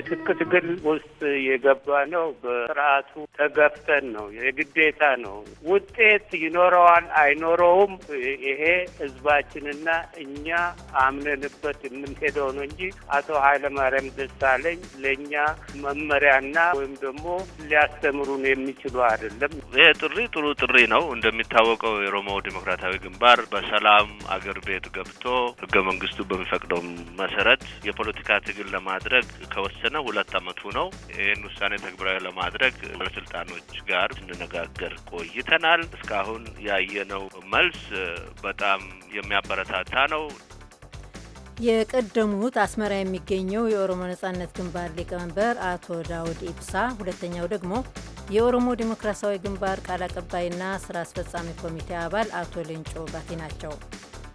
የትጥቅ ትግል ውስጥ የገባ ነው። በስርዓቱ ተገፍተን ነው። የግዴታ ነው። ውጤት ይኖረዋል አይኖረውም፣ ይሄ ህዝባችንና እኛ አምነንበት የምንሄደው ነው እንጂ አቶ ኃይለማርያም ደሳለኝ ለእኛ መመሪያና ወይም ደግሞ ሊያስተምሩን የሚችሉ አይደለም። ይሄ ጥሪ ጥሩ ጥሪ ነው። እንደሚታወቀው የኦሮሞ ዴሞክራሲያዊ ግንባር በሰላም አገር ቤት ገብቶ ህገ መንግስቱ በሚፈቅደው መሰረት የፖለቲካ ትግል ለማድረግ ከወሰ ነው። ሁለት አመቱ ነው። ይህን ውሳኔ ተግባራዊ ለማድረግ ባለስልጣኖች ጋር ስንነጋገር ቆይተናል። እስካሁን ያየነው መልስ በጣም የሚያበረታታ ነው። የቀደሙት አስመራ የሚገኘው የኦሮሞ ነጻነት ግንባር ሊቀመንበር አቶ ዳውድ ኢብሳ፣ ሁለተኛው ደግሞ የኦሮሞ ዴሞክራሲያዊ ግንባር ቃል አቀባይና ስራ አስፈጻሚ ኮሚቴ አባል አቶ ሌንጮ ባቲ ናቸው።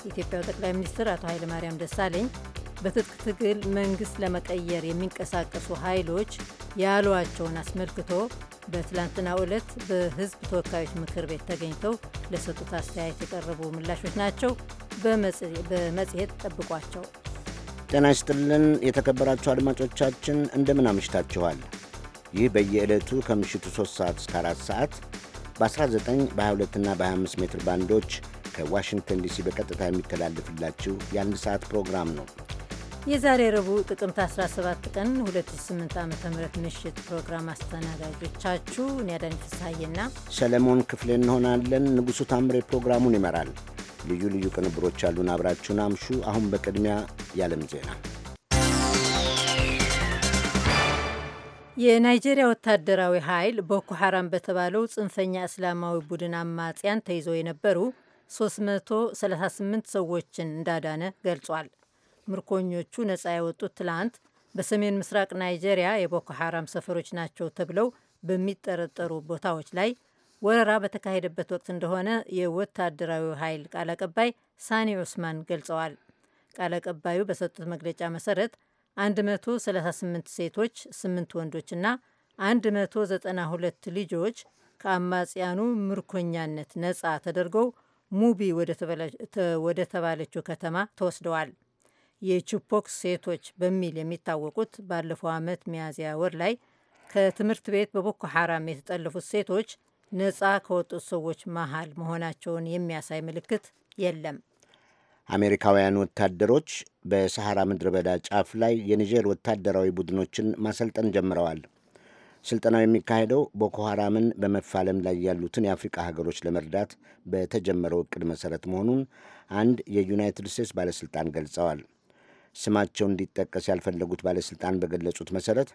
የኢትዮጵያው ጠቅላይ ሚኒስትር አቶ ኃይለማርያም ደሳለኝ በትጥቅ ትግል መንግስት ለመቀየር የሚንቀሳቀሱ ኃይሎች ያሏቸውን አስመልክቶ በትላንትናው ዕለት በህዝብ ተወካዮች ምክር ቤት ተገኝተው ለሰጡት አስተያየት የቀረቡ ምላሾች ናቸው። በመጽሔት ጠብቋቸው። ጤና ይስጥልን የተከበራችሁ አድማጮቻችን እንደምን አምሽታችኋል። ይህ በየዕለቱ ከምሽቱ 3 ሰዓት እስከ 4 ሰዓት በ19 በ22ና በ25 ሜትር ባንዶች ከዋሽንግተን ዲሲ በቀጥታ የሚተላለፍላችሁ የአንድ ሰዓት ፕሮግራም ነው። የዛሬ ረቡዕ ጥቅምት 17 ቀን 2008 ዓ ም ምሽት ፕሮግራም አስተናጋጆቻችሁ ኒያዳኝ ፍስሐዬና ሰለሞን ክፍሌ እንሆናለን። ንጉሡ ታምሬ ፕሮግራሙን ይመራል። ልዩ ልዩ ቅንብሮች ያሉን አብራችሁን አምሹ። አሁን በቅድሚያ የዓለም ዜና። የናይጄሪያ ወታደራዊ ኃይል ቦኮ ሐራም በተባለው ጽንፈኛ እስላማዊ ቡድን አማጽያን ተይዘው የነበሩ 338 ሰዎችን እንዳዳነ ገልጿል። ምርኮኞቹ ነፃ የወጡት ትላንት በሰሜን ምስራቅ ናይጄሪያ የቦኮ ሐራም ሰፈሮች ናቸው ተብለው በሚጠረጠሩ ቦታዎች ላይ ወረራ በተካሄደበት ወቅት እንደሆነ የወታደራዊ ኃይል ቃል አቀባይ ሳኒ ዑስማን ገልጸዋል። ቃል አቀባዩ በሰጡት መግለጫ መሰረት 138 ሴቶች፣ 8 ወንዶችና 192 ልጆች ከአማጽያኑ ምርኮኛነት ነፃ ተደርገው ሙቢ ወደ ተባለችው ከተማ ተወስደዋል። የቺፖክ ሴቶች በሚል የሚታወቁት ባለፈው ዓመት ሚያዝያ ወር ላይ ከትምህርት ቤት በቦኮ ሐራም የተጠለፉት ሴቶች ነጻ ከወጡት ሰዎች መሀል መሆናቸውን የሚያሳይ ምልክት የለም። አሜሪካውያን ወታደሮች በሰሐራ ምድረ በዳ ጫፍ ላይ የኒጀር ወታደራዊ ቡድኖችን ማሰልጠን ጀምረዋል። ስልጠናው የሚካሄደው ቦኮ ሐራምን በመፋለም ላይ ያሉትን የአፍሪቃ ሀገሮች ለመርዳት በተጀመረው እቅድ መሠረት መሆኑን አንድ የዩናይትድ ስቴትስ ባለሥልጣን ገልጸዋል። ስማቸው እንዲጠቀስ ያልፈለጉት ባለሥልጣን በገለጹት መሠረት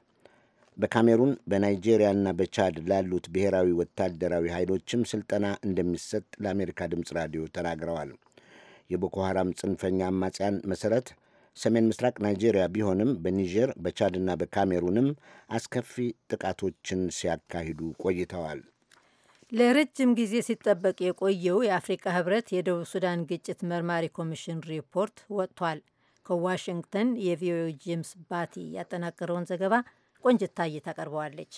በካሜሩን በናይጄሪያና በቻድ ላሉት ብሔራዊ ወታደራዊ ኃይሎችም ስልጠና እንደሚሰጥ ለአሜሪካ ድምፅ ራዲዮ ተናግረዋል። የቦኮ ሐራም ጽንፈኛ አማጽያን መሠረት ሰሜን ምስራቅ ናይጄሪያ ቢሆንም በኒጀር በቻድና በካሜሩንም አስከፊ ጥቃቶችን ሲያካሂዱ ቆይተዋል። ለረጅም ጊዜ ሲጠበቅ የቆየው የአፍሪካ ህብረት የደቡብ ሱዳን ግጭት መርማሪ ኮሚሽን ሪፖርት ወጥቷል። ከዋሽንግተን የቪኦኤ ጄምስ ባቲ ያጠናቀረውን ዘገባ ቆንጅት ታቀርበዋለች።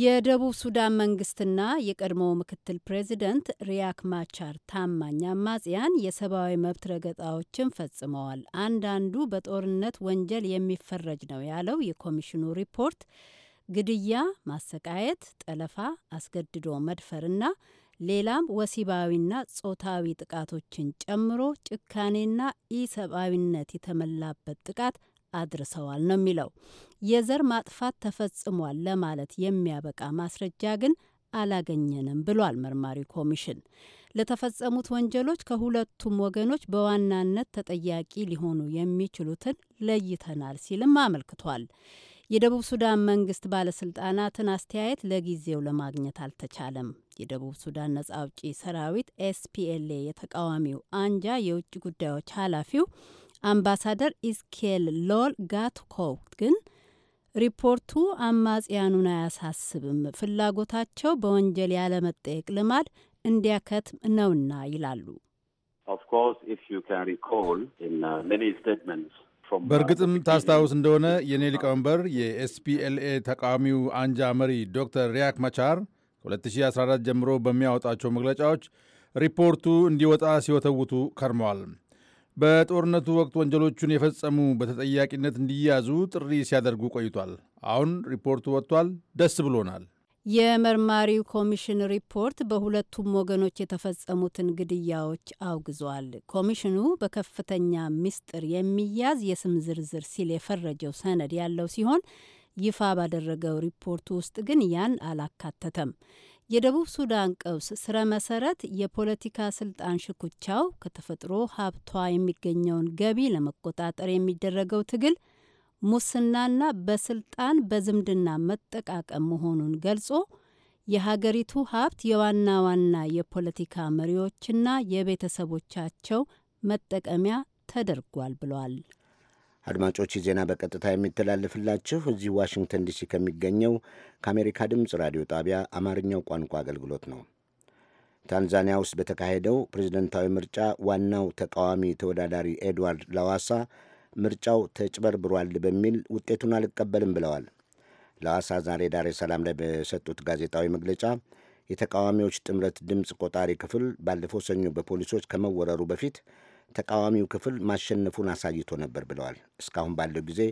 የደቡብ ሱዳን መንግስትና የቀድሞ ምክትል ፕሬዚደንት ሪያክ ማቻር ታማኝ አማጽያን የሰብአዊ መብት ረገጣዎችን ፈጽመዋል፣ አንዳንዱ በጦርነት ወንጀል የሚፈረጅ ነው ያለው የኮሚሽኑ ሪፖርት ግድያ፣ ማሰቃየት፣ ጠለፋ፣ አስገድዶ መድፈርና ሌላም ወሲባዊና ጾታዊ ጥቃቶችን ጨምሮ ጭካኔና ኢሰብአዊነት የተመላበት ጥቃት አድርሰዋል ነው የሚለው። የዘር ማጥፋት ተፈጽሟል ለማለት የሚያበቃ ማስረጃ ግን አላገኘንም ብሏል መርማሪ ኮሚሽን። ለተፈጸሙት ወንጀሎች ከሁለቱም ወገኖች በዋናነት ተጠያቂ ሊሆኑ የሚችሉትን ለይተናል ሲልም አመልክቷል። የደቡብ ሱዳን መንግስት ባለስልጣናትን አስተያየት ለጊዜው ለማግኘት አልተቻለም። የደቡብ ሱዳን ነጻ አውጪ ሰራዊት ኤስፒኤልኤ የተቃዋሚው አንጃ የውጭ ጉዳዮች ኃላፊው አምባሳደር ኢስኬል ሎል ጋትኮክ ግን ሪፖርቱ አማጽያኑን አያሳስብም፣ ፍላጎታቸው በወንጀል ያለመጠየቅ ልማድ እንዲያከትም ነውና ይላሉ። uh, uh, በእርግጥም ታስታውስ እንደሆነ የኔ ሊቀመንበር የኤስፒኤልኤ ተቃዋሚው አንጃ መሪ ዶክተር ሪያክ መቻር ከ2014 ጀምሮ በሚያወጣቸው መግለጫዎች ሪፖርቱ እንዲወጣ ሲወተውቱ ከርመዋል። በጦርነቱ ወቅት ወንጀሎቹን የፈጸሙ በተጠያቂነት እንዲያዙ ጥሪ ሲያደርጉ ቆይቷል። አሁን ሪፖርቱ ወጥቷል። ደስ ብሎናል። የመርማሪው ኮሚሽን ሪፖርት በሁለቱም ወገኖች የተፈጸሙትን ግድያዎች አውግዟል። ኮሚሽኑ በከፍተኛ ምስጢር የሚያዝ የስም ዝርዝር ሲል የፈረጀው ሰነድ ያለው ሲሆን ይፋ ባደረገው ሪፖርቱ ውስጥ ግን ያን አላካተተም። የደቡብ ሱዳን ቀውስ ስረ መሰረት የፖለቲካ ስልጣን ሽኩቻው ከተፈጥሮ ሀብቷ የሚገኘውን ገቢ ለመቆጣጠር የሚደረገው ትግል ሙስናና በስልጣን በዝምድና መጠቃቀም መሆኑን ገልጾ የሀገሪቱ ሀብት የዋና ዋና የፖለቲካ መሪዎችና የቤተሰቦቻቸው መጠቀሚያ ተደርጓል ብሏል። አድማጮች ዜና በቀጥታ የሚተላለፍላችሁ እዚህ ዋሽንግተን ዲሲ ከሚገኘው ከአሜሪካ ድምፅ ራዲዮ ጣቢያ አማርኛው ቋንቋ አገልግሎት ነው። ታንዛኒያ ውስጥ በተካሄደው ፕሬዝደንታዊ ምርጫ ዋናው ተቃዋሚ ተወዳዳሪ ኤድዋርድ ላዋሳ ምርጫው ተጭበርብሯል በሚል ውጤቱን አልቀበልም ብለዋል። ላዋሳ ዛሬ ዳሬ ሰላም ላይ በሰጡት ጋዜጣዊ መግለጫ የተቃዋሚዎች ጥምረት ድምፅ ቆጣሪ ክፍል ባለፈው ሰኞ በፖሊሶች ከመወረሩ በፊት የተቃዋሚው ክፍል ማሸነፉን አሳይቶ ነበር ብለዋል። እስካሁን ባለው ጊዜ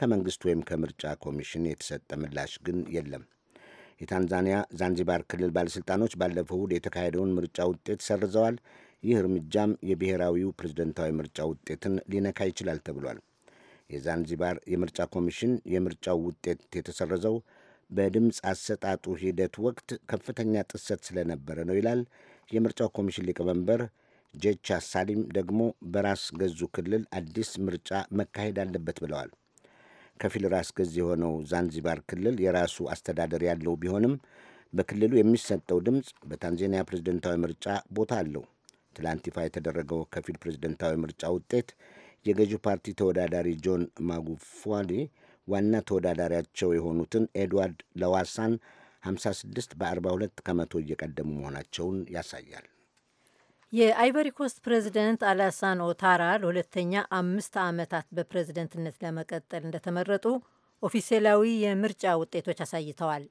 ከመንግስት ወይም ከምርጫ ኮሚሽን የተሰጠ ምላሽ ግን የለም። የታንዛኒያ ዛንዚባር ክልል ባለሥልጣኖች ባለፈው እሁድ የተካሄደውን ምርጫ ውጤት ሰርዘዋል። ይህ እርምጃም የብሔራዊው ፕሬዝደንታዊ ምርጫ ውጤትን ሊነካ ይችላል ተብሏል። የዛንዚባር የምርጫ ኮሚሽን የምርጫው ውጤት የተሰረዘው በድምፅ አሰጣጡ ሂደት ወቅት ከፍተኛ ጥሰት ስለነበረ ነው ይላል የምርጫው ኮሚሽን ሊቀመንበር ጄቻ ሳሊም ደግሞ በራስ ገዙ ክልል አዲስ ምርጫ መካሄድ አለበት ብለዋል። ከፊል ራስ ገዝ የሆነው ዛንዚባር ክልል የራሱ አስተዳደር ያለው ቢሆንም በክልሉ የሚሰጠው ድምፅ በታንዛኒያ ፕሬዝደንታዊ ምርጫ ቦታ አለው። ትላንት ይፋ የተደረገው ከፊል ፕሬዝደንታዊ ምርጫ ውጤት የገዢው ፓርቲ ተወዳዳሪ ጆን ማጉፋሊ ዋና ተወዳዳሪያቸው የሆኑትን ኤድዋርድ ለዋሳን 56 በ42 ከመቶ እየቀደሙ መሆናቸውን ያሳያል። የአይቨሪኮስት ፕሬዚደንት አላሳን ኦታራ ለሁለተኛ አምስት ዓመታት በፕሬዝደንትነት ለመቀጠል እንደተመረጡ ኦፊሴላዊ የምርጫ ውጤቶች አሳይተዋል።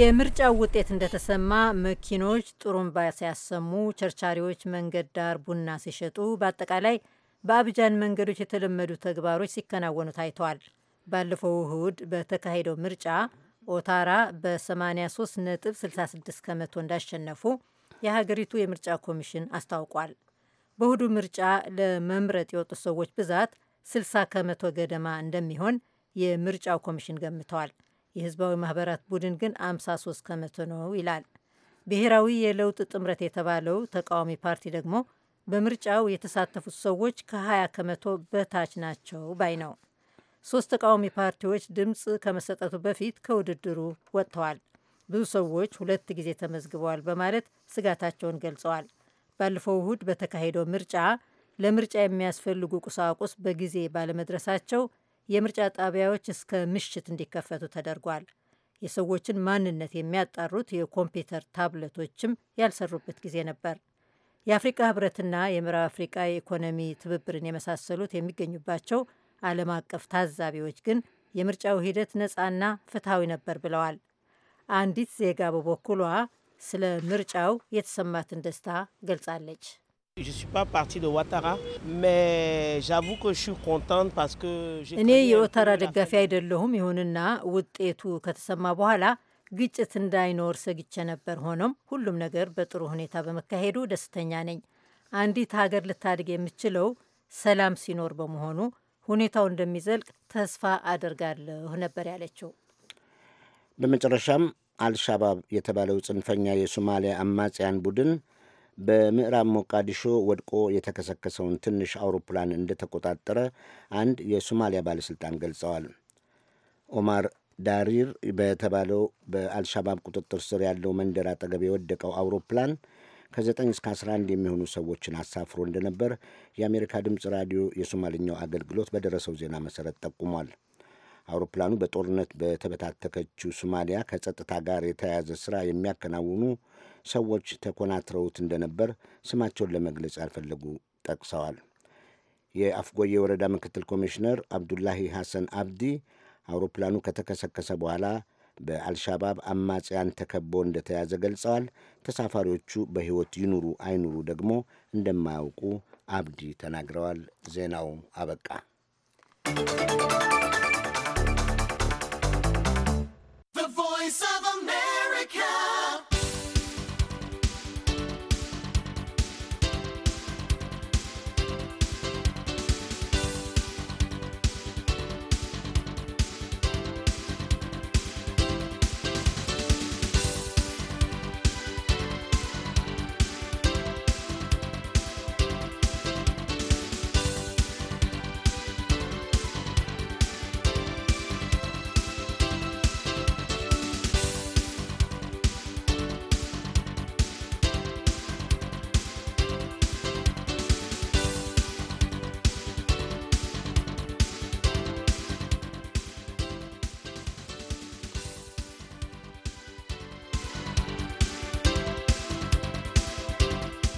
የምርጫው ውጤት እንደተሰማ መኪኖች ጥሩምባ ሲያሰሙ፣ ቸርቻሪዎች መንገድ ዳር ቡና ሲሸጡ፣ በአጠቃላይ በአብጃን መንገዶች የተለመዱ ተግባሮች ሲከናወኑ ታይተዋል። ባለፈው እሁድ በተካሄደው ምርጫ ኦታራ በ83 ነጥብ 66 ከመቶ እንዳሸነፉ የሀገሪቱ የምርጫ ኮሚሽን አስታውቋል። በእሁዱ ምርጫ ለመምረጥ የወጡት ሰዎች ብዛት 60 ከመቶ ገደማ እንደሚሆን የምርጫው ኮሚሽን ገምተዋል። የህዝባዊ ማህበራት ቡድን ግን 53 ከመቶ ነው ይላል። ብሔራዊ የለውጥ ጥምረት የተባለው ተቃዋሚ ፓርቲ ደግሞ በምርጫው የተሳተፉት ሰዎች ከ20 ከመቶ በታች ናቸው ባይ ነው። ሶስት ተቃዋሚ ፓርቲዎች ድምፅ ከመሰጠቱ በፊት ከውድድሩ ወጥተዋል። ብዙ ሰዎች ሁለት ጊዜ ተመዝግበዋል በማለት ስጋታቸውን ገልጸዋል። ባለፈው እሁድ በተካሄደው ምርጫ ለምርጫ የሚያስፈልጉ ቁሳቁስ በጊዜ ባለመድረሳቸው የምርጫ ጣቢያዎች እስከ ምሽት እንዲከፈቱ ተደርጓል። የሰዎችን ማንነት የሚያጣሩት የኮምፒውተር ታብሌቶችም ያልሰሩበት ጊዜ ነበር። የአፍሪካ ህብረትና የምዕራብ አፍሪካ የኢኮኖሚ ትብብርን የመሳሰሉት የሚገኙባቸው ዓለም አቀፍ ታዛቢዎች ግን የምርጫው ሂደት ነፃና ፍትሐዊ ነበር ብለዋል። አንዲት ዜጋ በበኩሏ ስለ ምርጫው የተሰማትን ደስታ ገልጻለች። እኔ የኦታራ ደጋፊ አይደለሁም። ይሁንና ውጤቱ ከተሰማ በኋላ ግጭት እንዳይኖር ሰግቼ ነበር። ሆኖም ሁሉም ነገር በጥሩ ሁኔታ በመካሄዱ ደስተኛ ነኝ። አንዲት ሀገር ልታድግ የምችለው ሰላም ሲኖር በመሆኑ ሁኔታው እንደሚዘልቅ ተስፋ አደርጋለሁ ነበር ያለችው። በመጨረሻም አልሻባብ የተባለው ጽንፈኛ የሶማሊያ አማጽያን ቡድን በምዕራብ ሞቃዲሾ ወድቆ የተከሰከሰውን ትንሽ አውሮፕላን እንደተቆጣጠረ አንድ የሶማሊያ ባለሥልጣን ገልጸዋል። ኦማር ዳሪር በተባለው በአልሻባብ ቁጥጥር ስር ያለው መንደር አጠገብ የወደቀው አውሮፕላን ከ9 እስከ 11 የሚሆኑ ሰዎችን አሳፍሮ እንደነበር የአሜሪካ ድምፅ ራዲዮ የሶማልኛው አገልግሎት በደረሰው ዜና መሠረት ጠቁሟል። አውሮፕላኑ በጦርነት በተበታተከችው ሶማሊያ ከጸጥታ ጋር የተያያዘ ሥራ የሚያከናውኑ ሰዎች ተኮናትረውት እንደነበር ስማቸውን ለመግለጽ ያልፈለጉ ጠቅሰዋል። የአፍጎዬ ወረዳ ምክትል ኮሚሽነር አብዱላሂ ሐሰን አብዲ አውሮፕላኑ ከተከሰከሰ በኋላ በአልሻባብ አማጽያን ተከቦ እንደተያዘ ገልጸዋል። ተሳፋሪዎቹ በሕይወት ይኑሩ አይኑሩ ደግሞ እንደማያውቁ አብዲ ተናግረዋል። ዜናው አበቃ።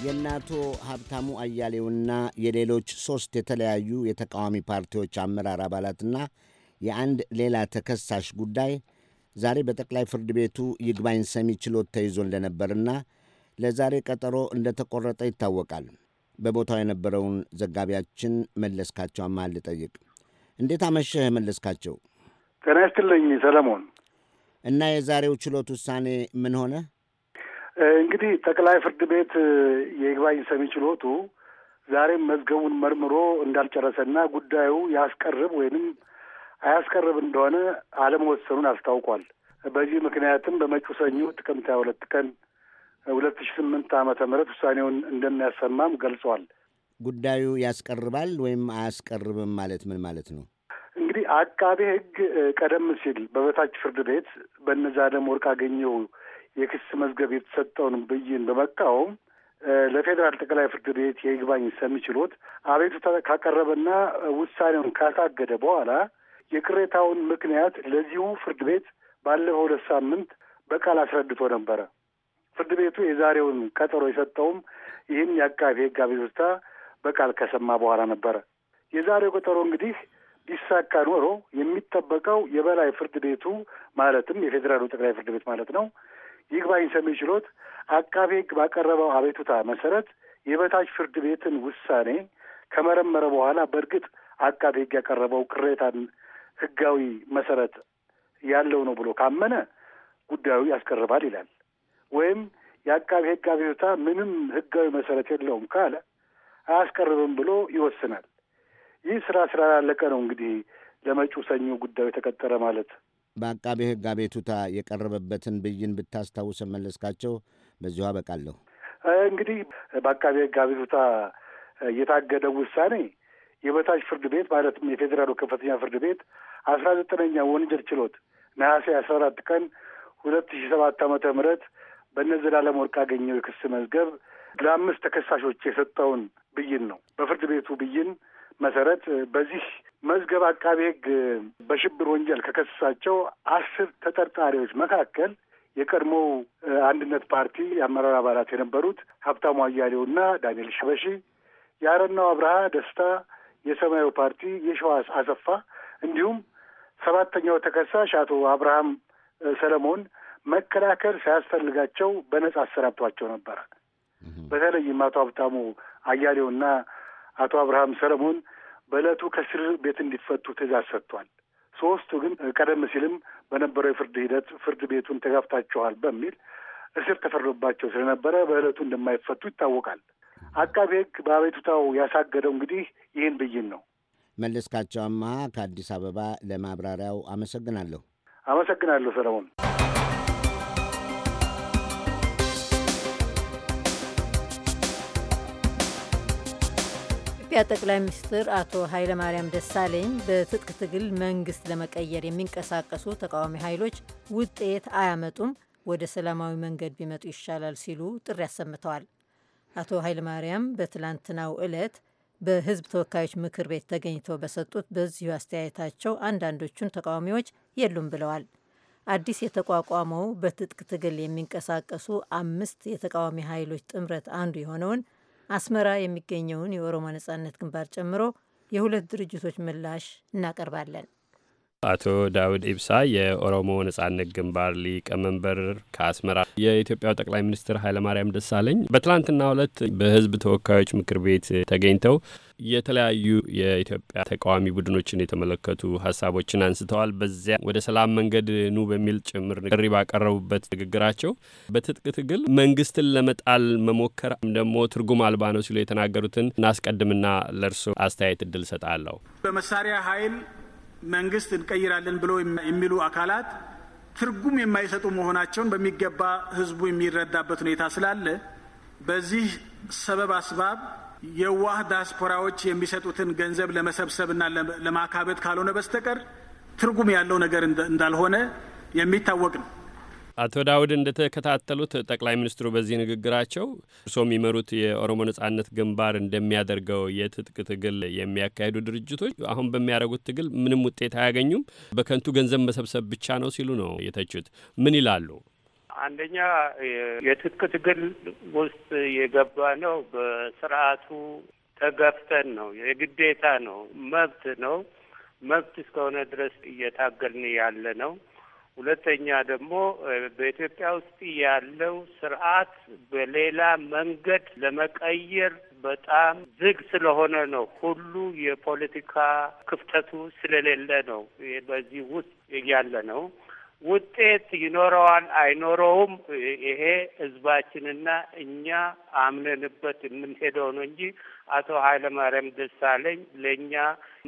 የእናቶ ሀብታሙ አያሌውና የሌሎች ሶስት የተለያዩ የተቃዋሚ ፓርቲዎች አመራር አባላትና የአንድ ሌላ ተከሳሽ ጉዳይ ዛሬ በጠቅላይ ፍርድ ቤቱ ይግባኝ ሰሚ ችሎት ተይዞ እንደነበርና ለዛሬ ቀጠሮ እንደተቆረጠ ይታወቃል። በቦታው የነበረውን ዘጋቢያችን መለስካቸው አማል ልጠይቅ። እንዴት አመሸህ መለስካቸው? ጤና ይስጥልኝ ሰለሞን። እና የዛሬው ችሎት ውሳኔ ምን ሆነ? እንግዲህ ጠቅላይ ፍርድ ቤት የይግባኝ ሰሚ ችሎቱ ዛሬም መዝገቡን መርምሮ እንዳልጨረሰና ጉዳዩ ያስቀርብ ወይንም አያስቀርብ እንደሆነ አለመወሰኑን አስታውቋል። በዚህ ምክንያትም በመጪው ሰኞ ጥቅምት ሀያ ሁለት ቀን ሁለት ሺ ስምንት ዓመተ ምህረት ውሳኔውን እንደሚያሰማም ገልጿል። ጉዳዩ ያስቀርባል ወይም አያስቀርብም ማለት ምን ማለት ነው? እንግዲህ አቃቤ ሕግ ቀደም ሲል በበታች ፍርድ ቤት በነዛ ደም ወርቅ አገኘው የክስ መዝገብ የተሰጠውን ብይን በመቃወም ለፌዴራል ጠቅላይ ፍርድ ቤት የይግባኝ ሰሚ ችሎት አቤቱታ ካቀረበና ውሳኔውን ካታገደ በኋላ የቅሬታውን ምክንያት ለዚሁ ፍርድ ቤት ባለፈው ሁለት ሳምንት በቃል አስረድቶ ነበረ። ፍርድ ቤቱ የዛሬውን ቀጠሮ የሰጠውም ይህን የአቃቤ ሕግ አቤቱታ በቃል ከሰማ በኋላ ነበረ። የዛሬው ቀጠሮ እንግዲህ ቢሳካ ኖሮ የሚጠበቀው የበላይ ፍርድ ቤቱ ማለትም የፌዴራሉ ጠቅላይ ፍርድ ቤት ማለት ነው ይግባኝ ሰሚ ችሎት አቃቤ ሕግ ባቀረበው አቤቱታ መሰረት የበታች ፍርድ ቤትን ውሳኔ ከመረመረ በኋላ በእርግጥ አቃቤ ሕግ ያቀረበው ቅሬታን ህጋዊ መሰረት ያለው ነው ብሎ ካመነ ጉዳዩ ያስቀርባል ይላል። ወይም የአቃቤ ሕግ አቤቱታ ምንም ህጋዊ መሰረት የለውም ካለ አያስቀርብም ብሎ ይወስናል። ይህ ስራ ስላላለቀ ነው እንግዲህ ለመጪው ሰኞ ጉዳዩ የተቀጠረ ማለት በአቃቤ ሕግ አቤቱታ የቀረበበትን ብይን ብታስታውሰ መለስካቸው፣ በዚሁ አበቃለሁ። እንግዲህ በአቃቤ ሕግ አቤቱታ የታገደው ውሳኔ የበታች ፍርድ ቤት ማለትም የፌዴራሉ ከፍተኛ ፍርድ ቤት አስራ ዘጠነኛ ወንጀል ችሎት ነሐሴ አስራ አራት ቀን ሁለት ሺ ሰባት ዓመተ ምህረት በእነ ዘላለም ወርቅ ያገኘው የክስ መዝገብ ለአምስት ተከሳሾች የሰጠውን ብይን ነው። በፍርድ ቤቱ ብይን መሰረት በዚህ መዝገብ አቃቤ ሕግ በሽብር ወንጀል ከከሰሳቸው አስር ተጠርጣሪዎች መካከል የቀድሞው አንድነት ፓርቲ የአመራር አባላት የነበሩት ሀብታሙ አያሌውና ዳንኤል ሽበሺ፣ የአረናው አብርሃ ደስታ፣ የሰማያዊ ፓርቲ የሸዋስ አሰፋ እንዲሁም ሰባተኛው ተከሳሽ አቶ አብርሃም ሰለሞን መከላከል ሳያስፈልጋቸው በነጻ አሰናብቷቸው ነበር። በተለይም አቶ ሀብታሙ አያሌውና አቶ አብርሃም ሰለሞን በዕለቱ ከእስር ቤት እንዲፈቱ ትእዛዝ ሰጥቷል። ሶስቱ ግን ቀደም ሲልም በነበረው የፍርድ ሂደት ፍርድ ቤቱን ተጋፍታችኋል በሚል እስር ተፈርዶባቸው ስለነበረ በዕለቱ እንደማይፈቱ ይታወቃል። አቃቢ ሕግ በአቤቱታው ያሳገደው እንግዲህ ይህን ብይን ነው። መለስካቸው አመሃ ከአዲስ አበባ ለማብራሪያው አመሰግናለሁ። አመሰግናለሁ ሰለሞን። የኢትዮጵያ ጠቅላይ ሚኒስትር አቶ ኃይለማርያም ደሳለኝ በትጥቅ ትግል መንግስት ለመቀየር የሚንቀሳቀሱ ተቃዋሚ ኃይሎች ውጤት አያመጡም፣ ወደ ሰላማዊ መንገድ ቢመጡ ይሻላል ሲሉ ጥሪ አሰምተዋል። አቶ ኃይለማርያም በትላንትናው ዕለት በህዝብ ተወካዮች ምክር ቤት ተገኝተው በሰጡት በዚሁ አስተያየታቸው አንዳንዶቹን ተቃዋሚዎች የሉም ብለዋል። አዲስ የተቋቋመው በትጥቅ ትግል የሚንቀሳቀሱ አምስት የተቃዋሚ ኃይሎች ጥምረት አንዱ የሆነውን አስመራ የሚገኘውን የኦሮሞ ነጻነት ግንባር ጨምሮ የሁለት ድርጅቶች ምላሽ እናቀርባለን። አቶ ዳውድ ኢብሳ የኦሮሞ ነጻነት ግንባር ሊቀመንበር ከአስመራ፣ የኢትዮጵያው ጠቅላይ ሚኒስትር ኃይለማርያም ደሳለኝ በትላንትና ሁለት በህዝብ ተወካዮች ምክር ቤት ተገኝተው የተለያዩ የኢትዮጵያ ተቃዋሚ ቡድኖችን የተመለከቱ ሀሳቦችን አንስተዋል። በዚያ ወደ ሰላም መንገድ ኑ በሚል ጭምር ጥሪ ባቀረቡበት ንግግራቸው በትጥቅ ትግል መንግስትን ለመጣል መሞከር ደግሞ ትርጉም አልባ ነው ሲሉ የተናገሩትን እናስቀድምና ለእርሶ አስተያየት እድል ሰጣለሁ። በመሳሪያ ኃይል መንግስት እንቀይራለን ብሎ የሚሉ አካላት ትርጉም የማይሰጡ መሆናቸውን በሚገባ ህዝቡ የሚረዳበት ሁኔታ ስላለ በዚህ ሰበብ አስባብ የዋህ ዳስፖራዎች የሚሰጡትን ገንዘብ ለመሰብሰብና ለማካበት ካልሆነ በስተቀር ትርጉም ያለው ነገር እንዳልሆነ የሚታወቅ ነው። አቶ ዳውድ እንደተከታተሉት ጠቅላይ ሚኒስትሩ በዚህ ንግግራቸው እርስዎ የሚመሩት የኦሮሞ ነጻነት ግንባር እንደሚያደርገው የትጥቅ ትግል የሚያካሂዱ ድርጅቶች አሁን በሚያደርጉት ትግል ምንም ውጤት አያገኙም፣ በከንቱ ገንዘብ መሰብሰብ ብቻ ነው ሲሉ ነው የተቹት። ምን ይላሉ? አንደኛ የትጥቅ ትግል ውስጥ የገባ ነው በስርዓቱ ተገፍተን ነው። የግዴታ ነው፣ መብት ነው። መብት እስከሆነ ድረስ እየታገልን ያለ ነው። ሁለተኛ ደግሞ በኢትዮጵያ ውስጥ ያለው ስርዓት በሌላ መንገድ ለመቀየር በጣም ዝግ ስለሆነ ነው። ሁሉ የፖለቲካ ክፍተቱ ስለሌለ ነው በዚህ ውስጥ ያለ ነው። ውጤት ይኖረዋል አይኖረውም፣ ይሄ ህዝባችንና እኛ አምነንበት የምንሄደው ነው እንጂ አቶ ኃይለማርያም ደሳለኝ ለእኛ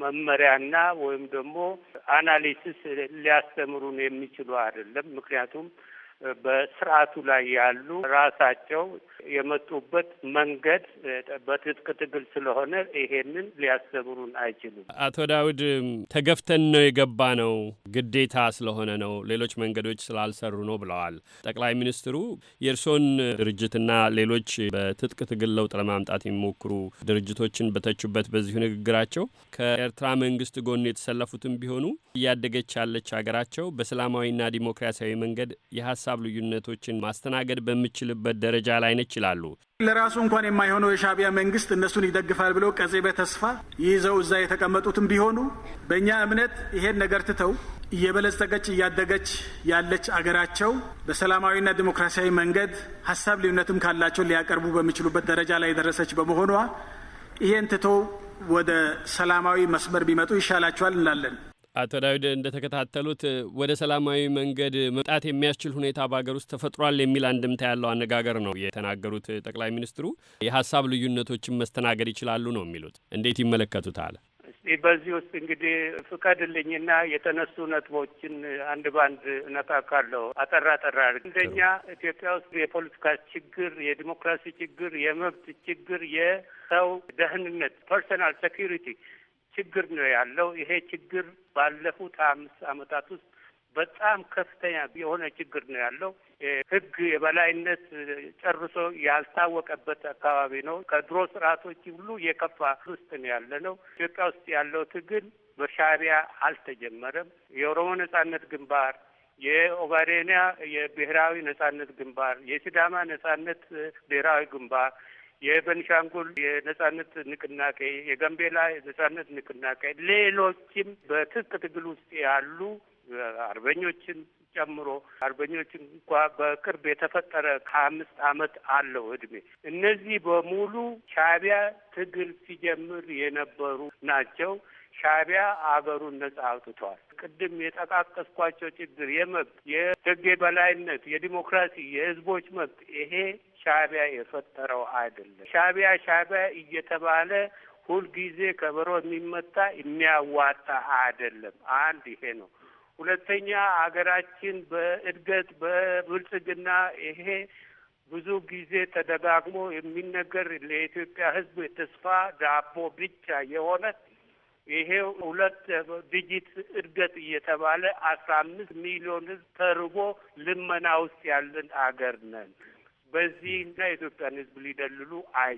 መመሪያና ወይም ደግሞ አናሊሲስ ሊያስተምሩን የሚችሉ አይደለም። ምክንያቱም በስርዓቱ ላይ ያሉ ራሳቸው የመጡበት መንገድ በትጥቅ ትግል ስለሆነ ይሄንን ሊያሰብሩን አይችሉም። አቶ ዳውድ ተገፍተን ነው የገባ ነው ግዴታ ስለሆነ ነው ሌሎች መንገዶች ስላልሰሩ ነው ብለዋል። ጠቅላይ ሚኒስትሩ የእርሶን ድርጅትና ሌሎች በትጥቅ ትግል ለውጥ ለማምጣት የሚሞክሩ ድርጅቶችን በተቹበት በዚሁ ንግግራቸው ከኤርትራ መንግስት ጎን የተሰለፉትም ቢሆኑ እያደገች ያለች ሀገራቸው በሰላማዊና ዲሞክራሲያዊ መንገድ የሀሳ የሀሳብ ልዩነቶችን ማስተናገድ በምችልበት ደረጃ ላይ ነች ይላሉ። ለራሱ እንኳን የማይሆነው የሻቢያ መንግስት እነሱን ይደግፋል ብለው ቀጼ በተስፋ ይዘው እዛ የተቀመጡትም ቢሆኑ በእኛ እምነት ይሄን ነገር ትተው እየበለጸገች እያደገች ያለች አገራቸው በሰላማዊና ዲሞክራሲያዊ መንገድ ሀሳብ ልዩነትም ካላቸው ሊያቀርቡ በሚችሉበት ደረጃ ላይ የደረሰች በመሆኗ ይሄን ትቶ ወደ ሰላማዊ መስመር ቢመጡ ይሻላቸዋል እንላለን። አቶ ዳዊድ እንደተከታተሉት ወደ ሰላማዊ መንገድ መምጣት የሚያስችል ሁኔታ በሀገር ውስጥ ተፈጥሯል የሚል አንድምታ ያለው አነጋገር ነው የተናገሩት ጠቅላይ ሚኒስትሩ። የሀሳብ ልዩነቶችን መስተናገድ ይችላሉ ነው የሚሉት። እንዴት ይመለከቱታል? እስቲ በዚህ ውስጥ እንግዲህ ፍቀድልኝና የተነሱ ነጥቦችን አንድ በአንድ እነካካለሁ። አጠራ አጠራ አንደኛ ኢትዮጵያ ውስጥ የፖለቲካ ችግር፣ የዲሞክራሲ ችግር፣ የመብት ችግር፣ የሰው ደህንነት ፐርሰናል ሴኪሪቲ ችግር ነው ያለው። ይሄ ችግር ባለፉት አምስት ዓመታት ውስጥ በጣም ከፍተኛ የሆነ ችግር ነው ያለው። ሕግ የበላይነት ጨርሶ ያልታወቀበት አካባቢ ነው። ከድሮ ስርዓቶች ሁሉ የከፋ ውስጥ ነው ያለ ነው። ኢትዮጵያ ውስጥ ያለው ትግል በሻዕቢያ አልተጀመረም። የኦሮሞ ነጻነት ግንባር፣ የኦጋዴንያ የብሔራዊ ነጻነት ግንባር፣ የሲዳማ ነጻነት ብሔራዊ ግንባር የበንሻንጉል የነጻነት ንቅናቄ፣ የገንቤላ የነጻነት ንቅናቄ፣ ሌሎችም በትጥቅ ትግል ውስጥ ያሉ አርበኞችን ጨምሮ አርበኞች እንኳ በቅርብ የተፈጠረ ከአምስት አመት አለው እድሜ። እነዚህ በሙሉ ሻቢያ ትግል ሲጀምር የነበሩ ናቸው። ሻቢያ አገሩን ነጻ አውጥቷል። ቅድም የጠቃቀስኳቸው ችግር የመብት የህግ የበላይነት፣ የዲሞክራሲ፣ የህዝቦች መብት ይሄ ሻቢያ የፈጠረው አይደለም። ሻቢያ ሻቢያ እየተባለ ሁልጊዜ ከበሮ የሚመታ የሚያዋጣ አይደለም። አንድ ይሄ ነው። ሁለተኛ አገራችን በእድገት በብልጽግና ይሄ ብዙ ጊዜ ተደጋግሞ የሚነገር ለኢትዮጵያ ህዝብ የተስፋ ዳቦ ብቻ የሆነ ይሄ ሁለት ዲጂት እድገት እየተባለ አስራ አምስት ሚሊዮን ህዝብ ተርቦ ልመና ውስጥ ያለን አገር ነን። በዚህ ና የኢትዮጵያን ህዝብ ሊደልሉ አይ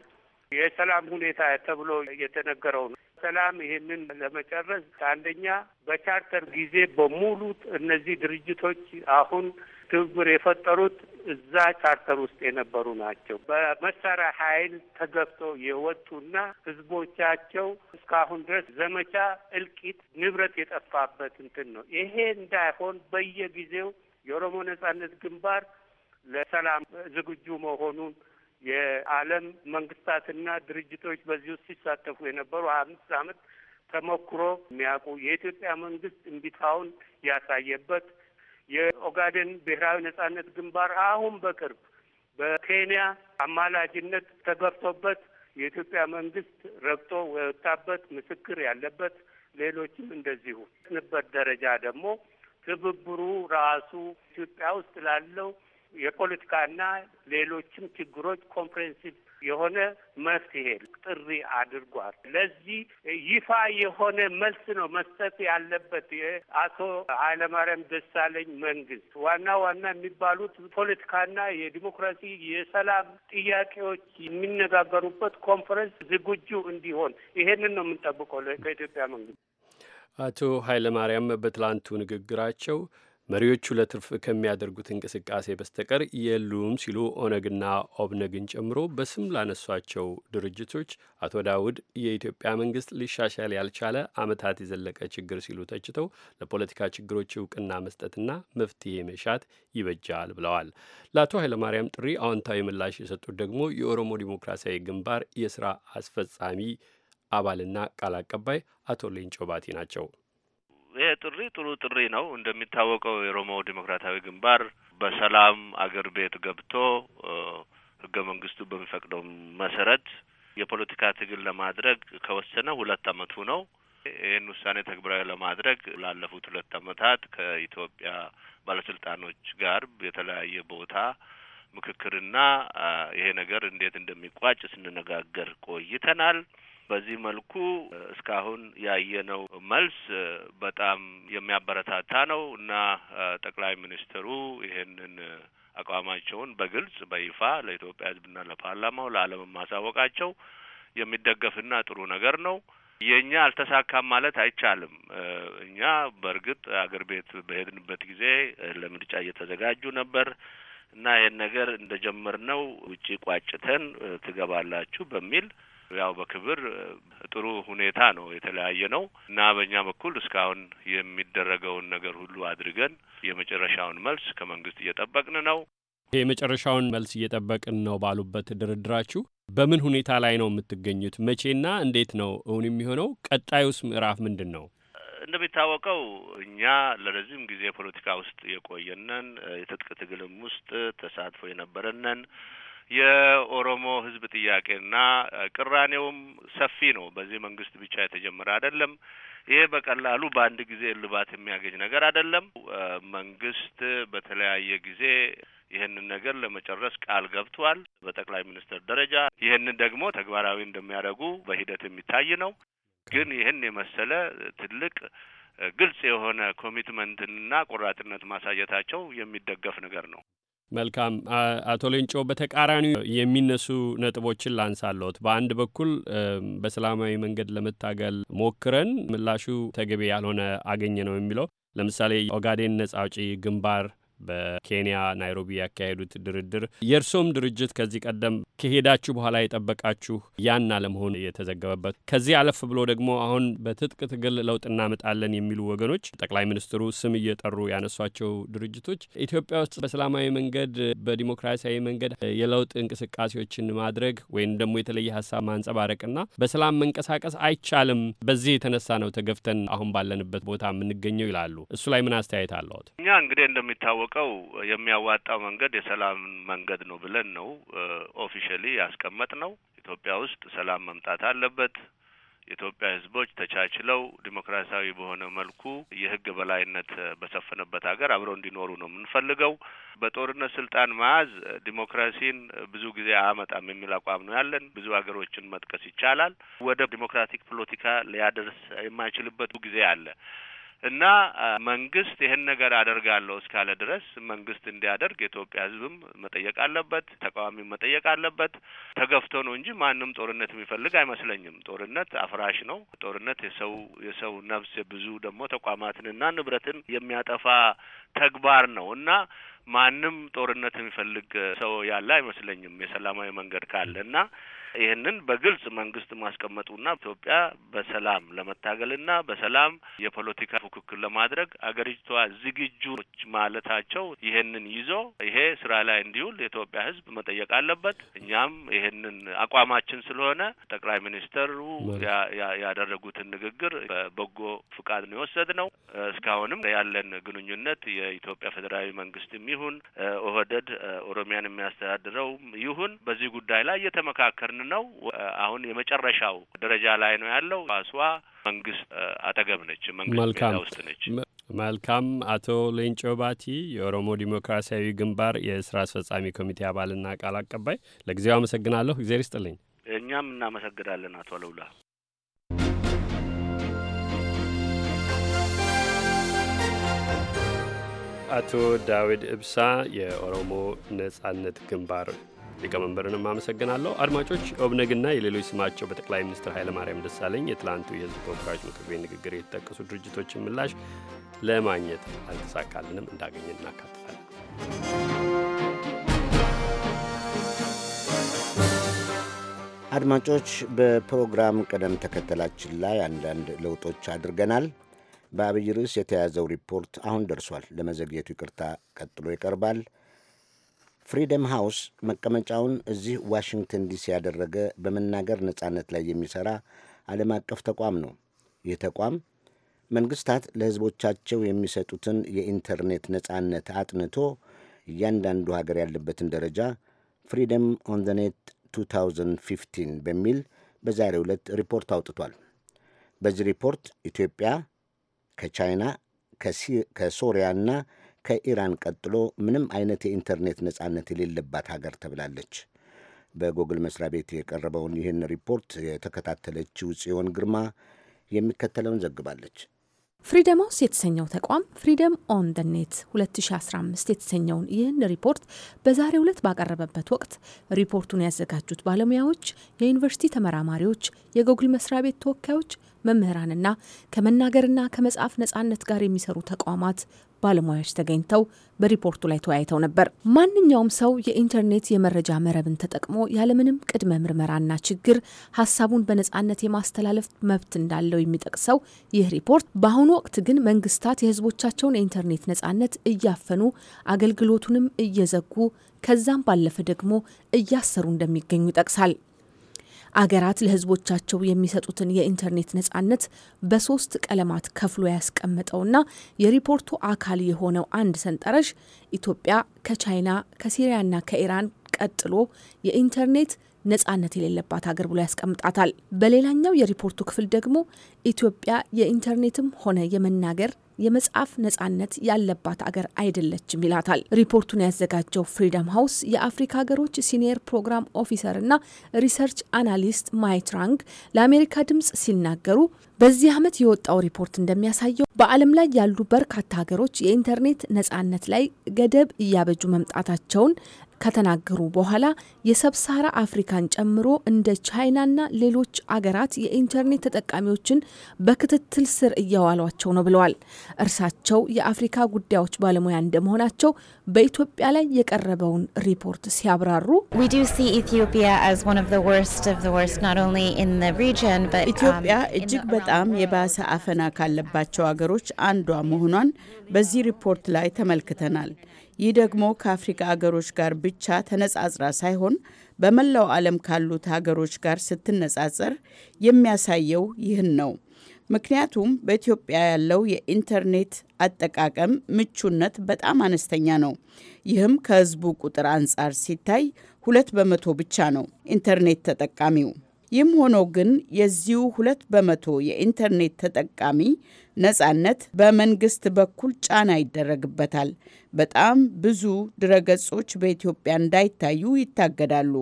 የሰላም ሁኔታ ተብሎ የተነገረው ነው። ሰላም ይህንን ለመጨረስ አንደኛ በቻርተር ጊዜ በሙሉ እነዚህ ድርጅቶች አሁን ትብብር የፈጠሩት እዛ ቻርተር ውስጥ የነበሩ ናቸው። በመሳሪያ ኃይል ተገብተው የወጡና ህዝቦቻቸው እስካሁን ድረስ ዘመቻ እልቂት፣ ንብረት የጠፋበት እንትን ነው። ይሄ እንዳይሆን በየጊዜው የኦሮሞ ነጻነት ግንባር ለሰላም ዝግጁ መሆኑን የዓለም መንግስታትና ድርጅቶች በዚህ ውስጥ ሲሳተፉ የነበሩ አምስት ዓመት ተሞክሮ የሚያውቁ የኢትዮጵያ መንግስት እንቢታውን ያሳየበት የኦጋዴን ብሔራዊ ነጻነት ግንባር አሁን በቅርብ በኬንያ አማላጅነት ተገብቶበት የኢትዮጵያ መንግስት ረግጦ ወጣበት ምስክር ያለበት ሌሎችም እንደዚሁ ንበት ደረጃ ደግሞ ትብብሩ ራሱ ኢትዮጵያ ውስጥ ላለው የፖለቲካና ሌሎችም ችግሮች ኮምፕሬንሲቭ የሆነ መፍትሄ ጥሪ አድርጓል። ለዚህ ይፋ የሆነ መልስ ነው መስጠት ያለበት የአቶ ኃይለማርያም ደሳለኝ መንግስት። ዋና ዋና የሚባሉት ፖለቲካና የዲሞክራሲ የሰላም ጥያቄዎች የሚነጋገሩበት ኮንፈረንስ ዝግጁ እንዲሆን ይሄንን ነው የምንጠብቀው ከኢትዮጵያ መንግስት። አቶ ኃይለማርያም በትላንቱ ንግግራቸው መሪዎቹ ለትርፍ ከሚያደርጉት እንቅስቃሴ በስተቀር የሉም ሲሉ ኦነግና ኦብነግን ጨምሮ በስም ላነሷቸው ድርጅቶች አቶ ዳውድ የኢትዮጵያ መንግስት ሊሻሻል ያልቻለ ዓመታት የዘለቀ ችግር ሲሉ ተችተው ለፖለቲካ ችግሮች እውቅና መስጠትና መፍትሄ መሻት ይበጃል ብለዋል። ለአቶ ኃይለማርያም ጥሪ አዎንታዊ ምላሽ የሰጡት ደግሞ የኦሮሞ ዲሞክራሲያዊ ግንባር የስራ አስፈጻሚ አባልና ቃል አቀባይ አቶ ሌንጮ ባቲ ናቸው። ይሄ ጥሪ ጥሩ ጥሪ ነው። እንደሚታወቀው የኦሮሞ ዴሞክራሲያዊ ግንባር በሰላም አገር ቤት ገብቶ ህገ መንግስቱ በሚፈቅደው መሰረት የፖለቲካ ትግል ለማድረግ ከወሰነ ሁለት አመቱ ነው። ይህን ውሳኔ ተግባራዊ ለማድረግ ላለፉት ሁለት አመታት ከኢትዮጵያ ባለስልጣኖች ጋር የተለያየ ቦታ ምክክርና ይሄ ነገር እንዴት እንደሚቋጭ ስንነጋገር ቆይተናል። በዚህ መልኩ እስካሁን ያየነው መልስ በጣም የሚያበረታታ ነው እና ጠቅላይ ሚኒስትሩ ይሄንን አቋማቸውን በግልጽ በይፋ ለኢትዮጵያ ሕዝብና ለፓርላማው ለዓለም ማሳወቃቸው የሚደገፍና ጥሩ ነገር ነው። የእኛ አልተሳካም ማለት አይቻልም። እኛ በእርግጥ አገር ቤት በሄድንበት ጊዜ ለምርጫ እየተዘጋጁ ነበር እና ይህን ነገር እንደጀመርነው ውጪ ቋጭተን ትገባላችሁ በሚል ያው በክብር ጥሩ ሁኔታ ነው የተለያየ ነው እና በእኛ በኩል እስካሁን የሚደረገውን ነገር ሁሉ አድርገን የመጨረሻውን መልስ ከመንግስት እየጠበቅን ነው። የመጨረሻውን መልስ እየጠበቅን ነው ባሉበት ድርድራችሁ በምን ሁኔታ ላይ ነው የምትገኙት? መቼና እንዴት ነው እውን የሚሆነው? ቀጣዩስ ምዕራፍ ምንድን ነው? እንደሚታወቀው እኛ ለረዥም ጊዜ ፖለቲካ ውስጥ የቆየነን የትጥቅ ትግልም ውስጥ ተሳትፎ የነበረነን የኦሮሞ ህዝብ ጥያቄና ቅራኔውም ሰፊ ነው። በዚህ መንግስት ብቻ የተጀመረ አይደለም። ይሄ በቀላሉ በአንድ ጊዜ እልባት የሚያገኝ ነገር አይደለም። መንግስት በተለያየ ጊዜ ይህንን ነገር ለመጨረስ ቃል ገብቷል በጠቅላይ ሚኒስትር ደረጃ። ይህንን ደግሞ ተግባራዊ እንደሚያደርጉ በሂደት የሚታይ ነው። ግን ይህን የመሰለ ትልቅ ግልጽ የሆነ ኮሚትመንትንና ቆራጥነት ማሳየታቸው የሚደገፍ ነገር ነው። መልካም አቶ ሌንጮ በተቃራኒው የሚነሱ ነጥቦችን ላንሳለሁት። በአንድ በኩል በሰላማዊ መንገድ ለመታገል ሞክረን ምላሹ ተገቢ ያልሆነ አገኘ ነው የሚለው ለምሳሌ ኦጋዴን ነጻ አውጪ ግንባር በኬንያ ናይሮቢ ያካሄዱት ድርድር የእርሶም ድርጅት ከዚህ ቀደም ከሄዳችሁ በኋላ የጠበቃችሁ ያን አለመሆን የተዘገበበት፣ ከዚህ አለፍ ብሎ ደግሞ አሁን በትጥቅ ትግል ለውጥ እናመጣለን የሚሉ ወገኖች ጠቅላይ ሚኒስትሩ ስም እየጠሩ ያነሷቸው ድርጅቶች ኢትዮጵያ ውስጥ በሰላማዊ መንገድ በዲሞክራሲያዊ መንገድ የለውጥ እንቅስቃሴዎችን ማድረግ ወይም ደግሞ የተለየ ሀሳብ ማንጸባረቅና በሰላም መንቀሳቀስ አይቻልም፣ በዚህ የተነሳ ነው ተገፍተን አሁን ባለንበት ቦታ የምንገኘው ይላሉ። እሱ ላይ ምን አስተያየት አለዎት? እኛ እንግዲህ እንደሚታወቅ የሚታወቀው የሚያዋጣው መንገድ የሰላም መንገድ ነው ብለን ነው ኦፊሻሊ ያስቀመጥ ነው። ኢትዮጵያ ውስጥ ሰላም መምጣት አለበት። የኢትዮጵያ ሕዝቦች ተቻችለው ዲሞክራሲያዊ በሆነ መልኩ የህግ በላይነት በሰፈነበት ሀገር አብረው እንዲኖሩ ነው የምንፈልገው። በጦርነት ስልጣን መያዝ ዲሞክራሲን ብዙ ጊዜ አያመጣም የሚል አቋም ነው ያለን። ብዙ ሀገሮችን መጥቀስ ይቻላል። ወደ ዲሞክራቲክ ፖለቲካ ሊያደርስ የማይችልበት ጊዜ አለ። እና መንግስት ይህን ነገር አደርጋለሁ እስካለ ድረስ መንግስት እንዲያደርግ የኢትዮጵያ ህዝብም መጠየቅ አለበት፣ ተቃዋሚ መጠየቅ አለበት። ተገፍቶ ነው እንጂ ማንም ጦርነት የሚፈልግ አይመስለኝም። ጦርነት አፍራሽ ነው። ጦርነት የሰው የሰው ነፍስ ብዙ ደግሞ ተቋማትንና ንብረትን የሚያጠፋ ተግባር ነው እና ማንም ጦርነት የሚፈልግ ሰው ያለ አይመስለኝም። የሰላማዊ መንገድ ካለ እና ይህንን በግልጽ መንግስት ማስቀመጡና ኢትዮጵያ በሰላም ለመታገልና በሰላም የፖለቲካ ፉክክር ለማድረግ አገሪቷ ዝግጁች ማለታቸው ይህንን ይዞ ይሄ ስራ ላይ እንዲውል የኢትዮጵያ ሕዝብ መጠየቅ አለበት። እኛም ይህንን አቋማችን ስለሆነ ጠቅላይ ሚኒስትሩ ያደረጉትን ንግግር በበጎ ፍቃድ ነው የወሰድ ነው። እስካሁንም ያለን ግንኙነት የኢትዮጵያ ፌዴራዊ መንግስትም ይሁን ኦህደድ ኦሮሚያን የሚያስተዳድረው ይሁን በዚህ ጉዳይ ላይ እየተመካከርን እየሄድን ነው። አሁን የመጨረሻው ደረጃ ላይ ነው ያለው። ኳሷ መንግስት አጠገብ ነች፣ መንግስት ቤዛ ውስጥ ነች። መልካም። አቶ ሌንጮ ባቲ የኦሮሞ ዲሞክራሲያዊ ግንባር የስራ አስፈጻሚ ኮሚቴ አባልና ቃል አቀባይ፣ ለጊዜው አመሰግናለሁ። እግዜር ይስጥልኝ። እኛም እናመሰግናለን አቶ አለውላ። አቶ ዳዊድ እብሳ የኦሮሞ ነጻነት ግንባር ሊቀመንበርንም አመሰግናለሁ። አድማጮች፣ ኦብነግና የሌሎች ስማቸው በጠቅላይ ሚኒስትር ኃይለማርያም ደሳለኝ የትላንቱ የህዝብ ተወካዮች ምክር ቤት ንግግር የተጠቀሱ ድርጅቶችን ምላሽ ለማግኘት አልተሳካልንም። እንዳገኘ እናካትታለን። አድማጮች፣ በፕሮግራም ቅደም ተከተላችን ላይ አንዳንድ ለውጦች አድርገናል። በአብይ ርዕስ የተያዘው ሪፖርት አሁን ደርሷል። ለመዘግየቱ ይቅርታ፣ ቀጥሎ ይቀርባል። ፍሪደም ሃውስ መቀመጫውን እዚህ ዋሽንግተን ዲሲ ያደረገ በመናገር ነጻነት ላይ የሚሠራ ዓለም አቀፍ ተቋም ነው። ይህ ተቋም መንግሥታት ለሕዝቦቻቸው የሚሰጡትን የኢንተርኔት ነጻነት አጥንቶ እያንዳንዱ ሀገር ያለበትን ደረጃ ፍሪደም ኦን ዘ ኔት 2015 በሚል በዛሬው ዕለት ሪፖርት አውጥቷል። በዚህ ሪፖርት ኢትዮጵያ ከቻይና ከሶሪያና ከኢራን ቀጥሎ ምንም አይነት የኢንተርኔት ነጻነት የሌለባት ሀገር ተብላለች። በጎግል መስሪያ ቤት የቀረበውን ይህን ሪፖርት የተከታተለችው ጽዮን ግርማ የሚከተለውን ዘግባለች። ፍሪደም ሃውስ የተሰኘው ተቋም ፍሪደም ኦን ደ ኔት 2015 የተሰኘውን ይህን ሪፖርት በዛሬው ዕለት ባቀረበበት ወቅት ሪፖርቱን ያዘጋጁት ባለሙያዎች፣ የዩኒቨርሲቲ ተመራማሪዎች፣ የጎግል መስሪያ ቤት ተወካዮች፣ መምህራንና ከመናገርና ከመጻፍ ነጻነት ጋር የሚሰሩ ተቋማት ባለሙያዎች ተገኝተው በሪፖርቱ ላይ ተወያይተው ነበር። ማንኛውም ሰው የኢንተርኔት የመረጃ መረብን ተጠቅሞ ያለምንም ቅድመ ምርመራና ችግር ሀሳቡን በነጻነት የማስተላለፍ መብት እንዳለው የሚጠቅሰው ይህ ሪፖርት በአሁኑ ወቅት ግን መንግስታት የህዝቦቻቸውን የኢንተርኔት ነጻነት እያፈኑ አገልግሎቱንም እየዘጉ ከዛም ባለፈ ደግሞ እያሰሩ እንደሚገኙ ይጠቅሳል። አገራት ለህዝቦቻቸው የሚሰጡትን የኢንተርኔት ነጻነት በሶስት ቀለማት ከፍሎ ያስቀመጠውና የሪፖርቱ አካል የሆነው አንድ ሰንጠረዥ ኢትዮጵያ ከቻይና ከሲሪያና ከኢራን ቀጥሎ የኢንተርኔት ነጻነት የሌለባት ሀገር ብሎ ያስቀምጣታል። በሌላኛው የሪፖርቱ ክፍል ደግሞ ኢትዮጵያ የኢንተርኔትም ሆነ የመናገር የመጽሐፍ ነጻነት ያለባት አገር አይደለችም ይላታል። ሪፖርቱን ያዘጋጀው ፍሪደም ሀውስ የአፍሪካ ሀገሮች ሲኒየር ፕሮግራም ኦፊሰር እና ሪሰርች አናሊስት ማይትራንግ ለአሜሪካ ድምጽ ሲናገሩ በዚህ ዓመት የወጣው ሪፖርት እንደሚያሳየው በዓለም ላይ ያሉ በርካታ ሀገሮች የኢንተርኔት ነጻነት ላይ ገደብ እያበጁ መምጣታቸውን ከተናገሩ በኋላ የሰብሳራ አፍሪካን ጨምሮ እንደ ቻይናና ሌሎች አገራት የኢንተርኔት ተጠቃሚዎችን በክትትል ስር እያዋሏቸው ነው ብለዋል። እርሳቸው የአፍሪካ ጉዳዮች ባለሙያ እንደመሆናቸው በኢትዮጵያ ላይ የቀረበውን ሪፖርት ሲያብራሩ um, ኢትዮጵያ እጅግ በጣም የባሰ አፈና ካለባቸው አገሮች አንዷ መሆኗን በዚህ ሪፖርት ላይ ተመልክተናል። ይህ ደግሞ ከአፍሪካ አገሮች ጋር ብቻ ተነጻጽራ ሳይሆን በመላው ዓለም ካሉት ሀገሮች ጋር ስትነጻጸር የሚያሳየው ይህን ነው። ምክንያቱም በኢትዮጵያ ያለው የኢንተርኔት አጠቃቀም ምቹነት በጣም አነስተኛ ነው። ይህም ከህዝቡ ቁጥር አንጻር ሲታይ ሁለት በመቶ ብቻ ነው ኢንተርኔት ተጠቃሚው። ይህም ሆኖ ግን የዚሁ ሁለት በመቶ የኢንተርኔት ተጠቃሚ ነጻነት በመንግስት በኩል ጫና ይደረግበታል። በጣም ብዙ ድረገጾች በኢትዮጵያ እንዳይታዩ ይታገዳሉ።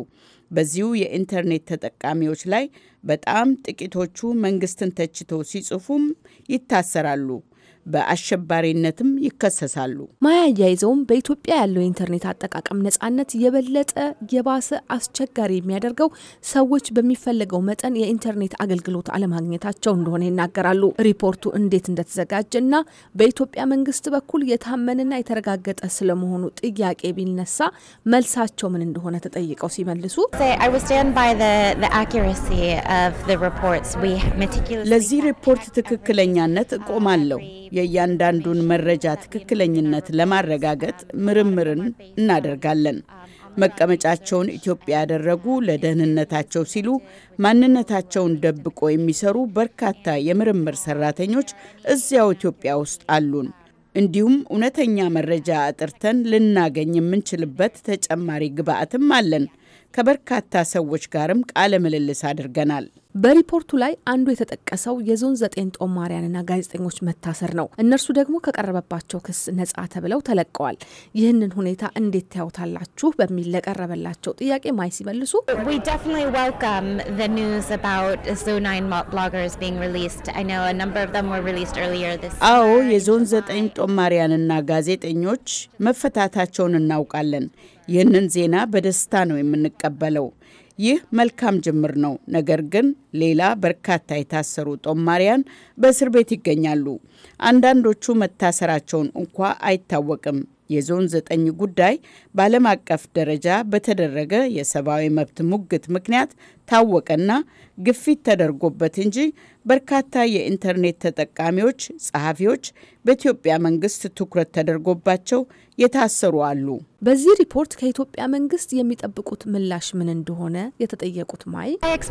በዚሁ የኢንተርኔት ተጠቃሚዎች ላይ በጣም ጥቂቶቹ መንግስትን ተችተው ሲጽፉም ይታሰራሉ። በአሸባሪነትም ይከሰሳሉ። ማያ አያይዘውም በኢትዮጵያ ያለው የኢንተርኔት አጠቃቀም ነጻነት የበለጠ የባሰ አስቸጋሪ የሚያደርገው ሰዎች በሚፈለገው መጠን የኢንተርኔት አገልግሎት አለማግኘታቸው እንደሆነ ይናገራሉ። ሪፖርቱ እንዴት እንደተዘጋጀ እና በኢትዮጵያ መንግስት በኩል የታመንና የተረጋገጠ ስለመሆኑ ጥያቄ ቢነሳ መልሳቸው ምን እንደሆነ ተጠይቀው ሲመልሱ ለዚህ ሪፖርት ትክክለኛነት እቆማለሁ። የእያንዳንዱን መረጃ ትክክለኝነት ለማረጋገጥ ምርምርን እናደርጋለን። መቀመጫቸውን ኢትዮጵያ ያደረጉ ለደህንነታቸው ሲሉ ማንነታቸውን ደብቆ የሚሰሩ በርካታ የምርምር ሰራተኞች እዚያው ኢትዮጵያ ውስጥ አሉን። እንዲሁም እውነተኛ መረጃ አጥርተን ልናገኝ የምንችልበት ተጨማሪ ግብአትም አለን። ከበርካታ ሰዎች ጋርም ቃለ ምልልስ አድርገናል። በሪፖርቱ ላይ አንዱ የተጠቀሰው የዞን ዘጠኝ ጦማሪያንና ጋዜጠኞች መታሰር ነው። እነርሱ ደግሞ ከቀረበባቸው ክስ ነጻ ተብለው ተለቀዋል። ይህንን ሁኔታ እንዴት ታያውታላችሁ? በሚል ለቀረበላቸው ጥያቄ ማይ ሲመልሱ አዎ የዞን ዘጠኝ ጦማሪያንና ጋዜጠኞች መፈታታቸውን እናውቃለን። ይህንን ዜና በደስታ ነው የምንቀበለው። ይህ መልካም ጅምር ነው። ነገር ግን ሌላ በርካታ የታሰሩ ጦማሪያን በእስር ቤት ይገኛሉ። አንዳንዶቹ መታሰራቸውን እንኳ አይታወቅም። የዞን ዘጠኝ ጉዳይ በዓለም አቀፍ ደረጃ በተደረገ የሰብአዊ መብት ሙግት ምክንያት ታወቀና ግፊት ተደርጎበት እንጂ በርካታ የኢንተርኔት ተጠቃሚዎች፣ ጸሐፊዎች በኢትዮጵያ መንግስት ትኩረት ተደርጎባቸው የታሰሩ አሉ። በዚህ ሪፖርት ከኢትዮጵያ መንግስት የሚጠብቁት ምላሽ ምን እንደሆነ የተጠየቁት ማይ um,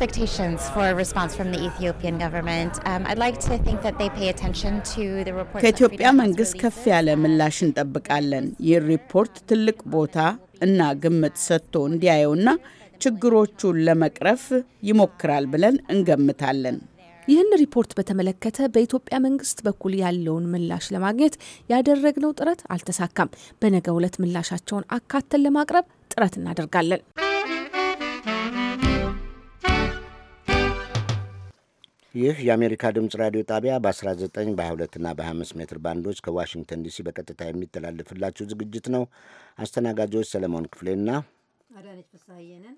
ከኢትዮጵያ መንግስት ከፍ ያለ ምላሽ እንጠብቃለን። ይህ ሪፖርት ትልቅ ቦታ እና ግምት ሰጥቶ እንዲያየውና ችግሮቹን ለመቅረፍ ይሞክራል ብለን እንገምታለን። ይህን ሪፖርት በተመለከተ በኢትዮጵያ መንግስት በኩል ያለውን ምላሽ ለማግኘት ያደረግነው ጥረት አልተሳካም። በነገ ዕለት ምላሻቸውን አካተን ለማቅረብ ጥረት እናደርጋለን። ይህ የአሜሪካ ድምፅ ራዲዮ ጣቢያ በ19 22 እና በ25 ሜትር ባንዶች ከዋሽንግተን ዲሲ በቀጥታ የሚተላለፍላችሁ ዝግጅት ነው። አስተናጋጆች ሰለሞን ክፍሌና አዳነች ፍስሐዬ ነን።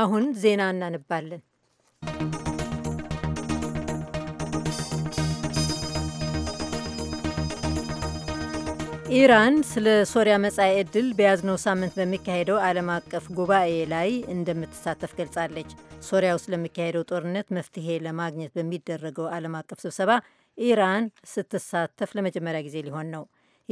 አሁን ዜና እናነባለን። ኢራን ስለ ሶሪያ መጻኢ ዕድል በያዝነው ሳምንት በሚካሄደው ዓለም አቀፍ ጉባኤ ላይ እንደምትሳተፍ ገልጻለች። ሶሪያ ውስጥ ለሚካሄደው ጦርነት መፍትሄ ለማግኘት በሚደረገው ዓለም አቀፍ ስብሰባ ኢራን ስትሳተፍ ለመጀመሪያ ጊዜ ሊሆን ነው።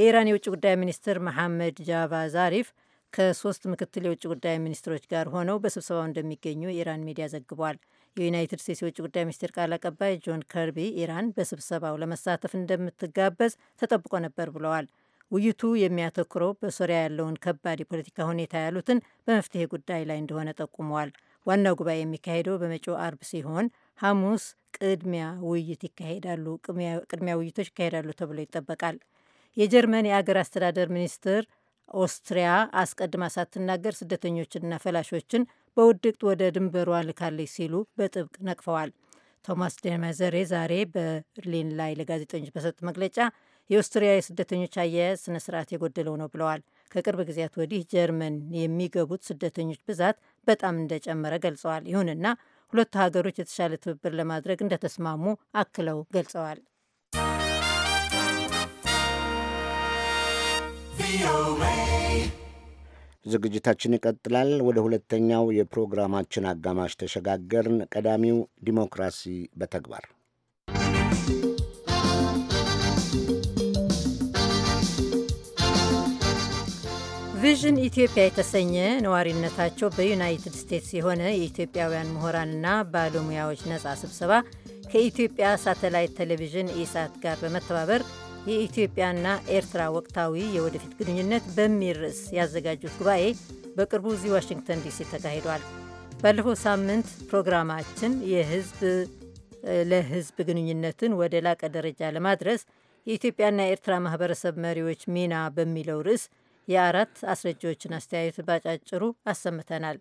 የኢራን የውጭ ጉዳይ ሚኒስትር መሐመድ ጃቫ ዛሪፍ ከሶስት ምክትል የውጭ ጉዳይ ሚኒስትሮች ጋር ሆነው በስብሰባው እንደሚገኙ የኢራን ሚዲያ ዘግቧል። የዩናይትድ ስቴትስ የውጭ ጉዳይ ሚኒስቴር ቃል አቀባይ ጆን ከርቢ ኢራን በስብሰባው ለመሳተፍ እንደምትጋበዝ ተጠብቆ ነበር ብለዋል። ውይይቱ የሚያተኩረው በሶሪያ ያለውን ከባድ የፖለቲካ ሁኔታ ያሉትን በመፍትሄ ጉዳይ ላይ እንደሆነ ጠቁመዋል። ዋናው ጉባኤ የሚካሄደው በመጪው አርብ ሲሆን ሐሙስ ቅድሚያ ውይይት ይካሄዳሉ ቅድሚያ ውይይቶች ይካሄዳሉ ተብሎ ይጠበቃል። የጀርመን የአገር አስተዳደር ሚኒስትር ኦስትሪያ አስቀድማ ሳትናገር ስደተኞችንና ፈላሾችን በውድቅት ወደ ድንበሯ ልካለች ሲሉ በጥብቅ ነቅፈዋል። ቶማስ ደመዘሬ ዛሬ በርሊን ላይ ለጋዜጠኞች በሰጡት መግለጫ የኦስትሪያ የስደተኞች አያያዝ ስነ ስርዓት የጎደለው ነው ብለዋል። ከቅርብ ጊዜያት ወዲህ ጀርመን የሚገቡት ስደተኞች ብዛት በጣም እንደጨመረ ገልጸዋል። ይሁንና ሁለቱ ሀገሮች የተሻለ ትብብር ለማድረግ እንደተስማሙ አክለው ገልጸዋል። ዝግጅታችን ይቀጥላል። ወደ ሁለተኛው የፕሮግራማችን አጋማሽ ተሸጋገርን። ቀዳሚው ዲሞክራሲ በተግባር ቪዥን ኢትዮጵያ የተሰኘ ነዋሪነታቸው በዩናይትድ ስቴትስ የሆነ የኢትዮጵያውያን ምሁራንና ባለሙያዎች ነጻ ስብሰባ ከኢትዮጵያ ሳተላይት ቴሌቪዥን ኢሳት ጋር በመተባበር የኢትዮጵያና ኤርትራ ወቅታዊ የወደፊት ግንኙነት በሚል ርዕስ ያዘጋጁት ጉባኤ በቅርቡ እዚህ ዋሽንግተን ዲሲ ተካሂዷል። ባለፈው ሳምንት ፕሮግራማችን የህዝብ ለህዝብ ግንኙነትን ወደ ላቀ ደረጃ ለማድረስ የኢትዮጵያና የኤርትራ ማህበረሰብ መሪዎች ሚና በሚለው ርዕስ የአራት አስረጂዎችን አስተያየት ባጫጭሩ አሰምተናል።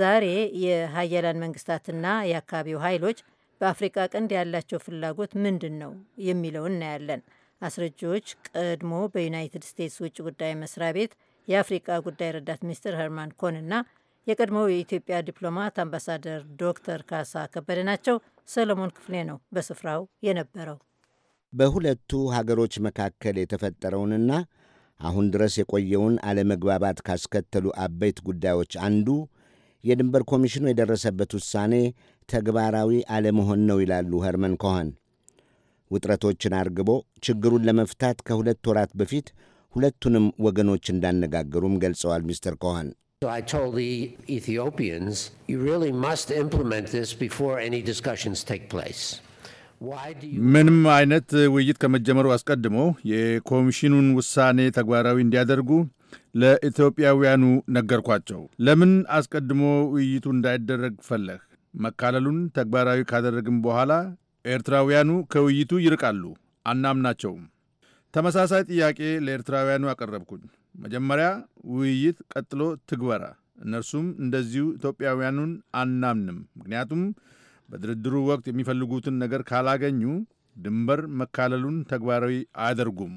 ዛሬ የሀያላን መንግስታትና የአካባቢው ኃይሎች በአፍሪቃ ቀንድ ያላቸው ፍላጎት ምንድን ነው የሚለውን እናያለን። አስረጂዎች ቀድሞ በዩናይትድ ስቴትስ ውጭ ጉዳይ መስሪያ ቤት የአፍሪቃ ጉዳይ ረዳት ሚኒስትር ሄርማን እና የቀድሞው የኢትዮጵያ ዲፕሎማት አምባሳደር ዶክተር ካሳ ከበደ ናቸው። ሰለሞን ክፍሌ ነው በስፍራው የነበረው። በሁለቱ ሀገሮች መካከል የተፈጠረውንና አሁን ድረስ የቆየውን አለመግባባት ካስከተሉ አበይት ጉዳዮች አንዱ የድንበር ኮሚሽኑ የደረሰበት ውሳኔ ተግባራዊ አለመሆን ነው ይላሉ ሄርመን ኮኸን። ውጥረቶችን አርግቦ ችግሩን ለመፍታት ከሁለት ወራት በፊት ሁለቱንም ወገኖች እንዳነጋገሩም ገልጸዋል ሚስተር ኮሃን። ምንም አይነት ውይይት ከመጀመሩ አስቀድሞ የኮሚሽኑን ውሳኔ ተግባራዊ እንዲያደርጉ ለኢትዮጵያውያኑ ነገርኳቸው። ለምን አስቀድሞ ውይይቱ እንዳይደረግ ፈለህ? መካለሉን ተግባራዊ ካደረግም በኋላ ኤርትራውያኑ ከውይይቱ ይርቃሉ፣ አናምናቸውም። ተመሳሳይ ጥያቄ ለኤርትራውያኑ አቀረብኩኝ። መጀመሪያ ውይይት፣ ቀጥሎ ትግበራ። እነርሱም እንደዚሁ ኢትዮጵያውያኑን አናምንም፣ ምክንያቱም በድርድሩ ወቅት የሚፈልጉትን ነገር ካላገኙ ድንበር መካለሉን ተግባራዊ አያደርጉም።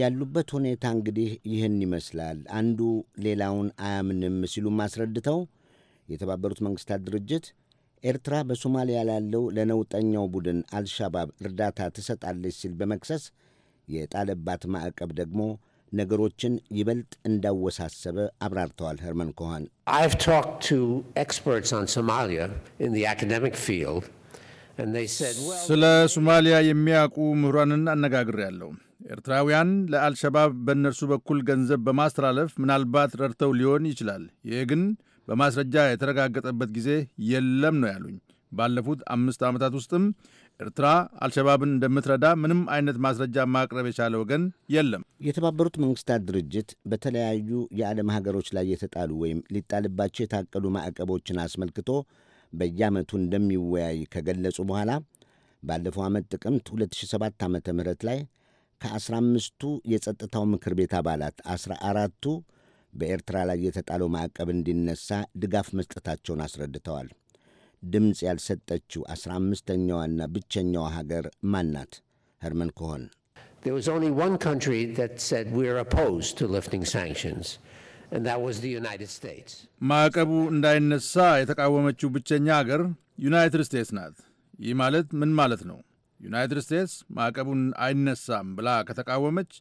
ያሉበት ሁኔታ እንግዲህ ይህን ይመስላል። አንዱ ሌላውን አያምንም ሲሉም አስረድተው የተባበሩት መንግሥታት ድርጅት ኤርትራ በሶማሊያ ላለው ለነውጠኛው ቡድን አልሻባብ እርዳታ ትሰጣለች ሲል በመክሰስ የጣለባት ማዕቀብ ደግሞ ነገሮችን ይበልጥ እንዳወሳሰበ አብራርተዋል። ሄርመን ኮሃን ስለ ሶማሊያ የሚያውቁ ምሁራንን አነጋግሬያለሁ። ኤርትራውያን ለአልሸባብ በእነርሱ በኩል ገንዘብ በማስተላለፍ ምናልባት ረድተው ሊሆን ይችላል። ይህ ግን በማስረጃ የተረጋገጠበት ጊዜ የለም ነው ያሉኝ። ባለፉት አምስት ዓመታት ውስጥም ኤርትራ አልሸባብን እንደምትረዳ ምንም አይነት ማስረጃ ማቅረብ የቻለ ወገን የለም። የተባበሩት መንግስታት ድርጅት በተለያዩ የዓለም ሀገሮች ላይ የተጣሉ ወይም ሊጣልባቸው የታቀዱ ማዕቀቦችን አስመልክቶ በየዓመቱ እንደሚወያይ ከገለጹ በኋላ ባለፈው ዓመት ጥቅምት 2007 ዓ ም ላይ ከ15ቱ የጸጥታው ምክር ቤት አባላት 14ቱ በኤርትራ ላይ የተጣለው ማዕቀብ እንዲነሳ ድጋፍ መስጠታቸውን አስረድተዋል። ድምፅ ያልሰጠችው አስራ አምስተኛዋና ብቸኛዋ ሀገር ማን ናት? ሄርመን ኮሆን ማዕቀቡ እንዳይነሳ የተቃወመችው ብቸኛ ሀገር ዩናይትድ ስቴትስ ናት። ይህ ማለት ምን ማለት ነው? ዩናይትድ ስቴትስ ማዕቀቡን አይነሳም ብላ ከተቃወመች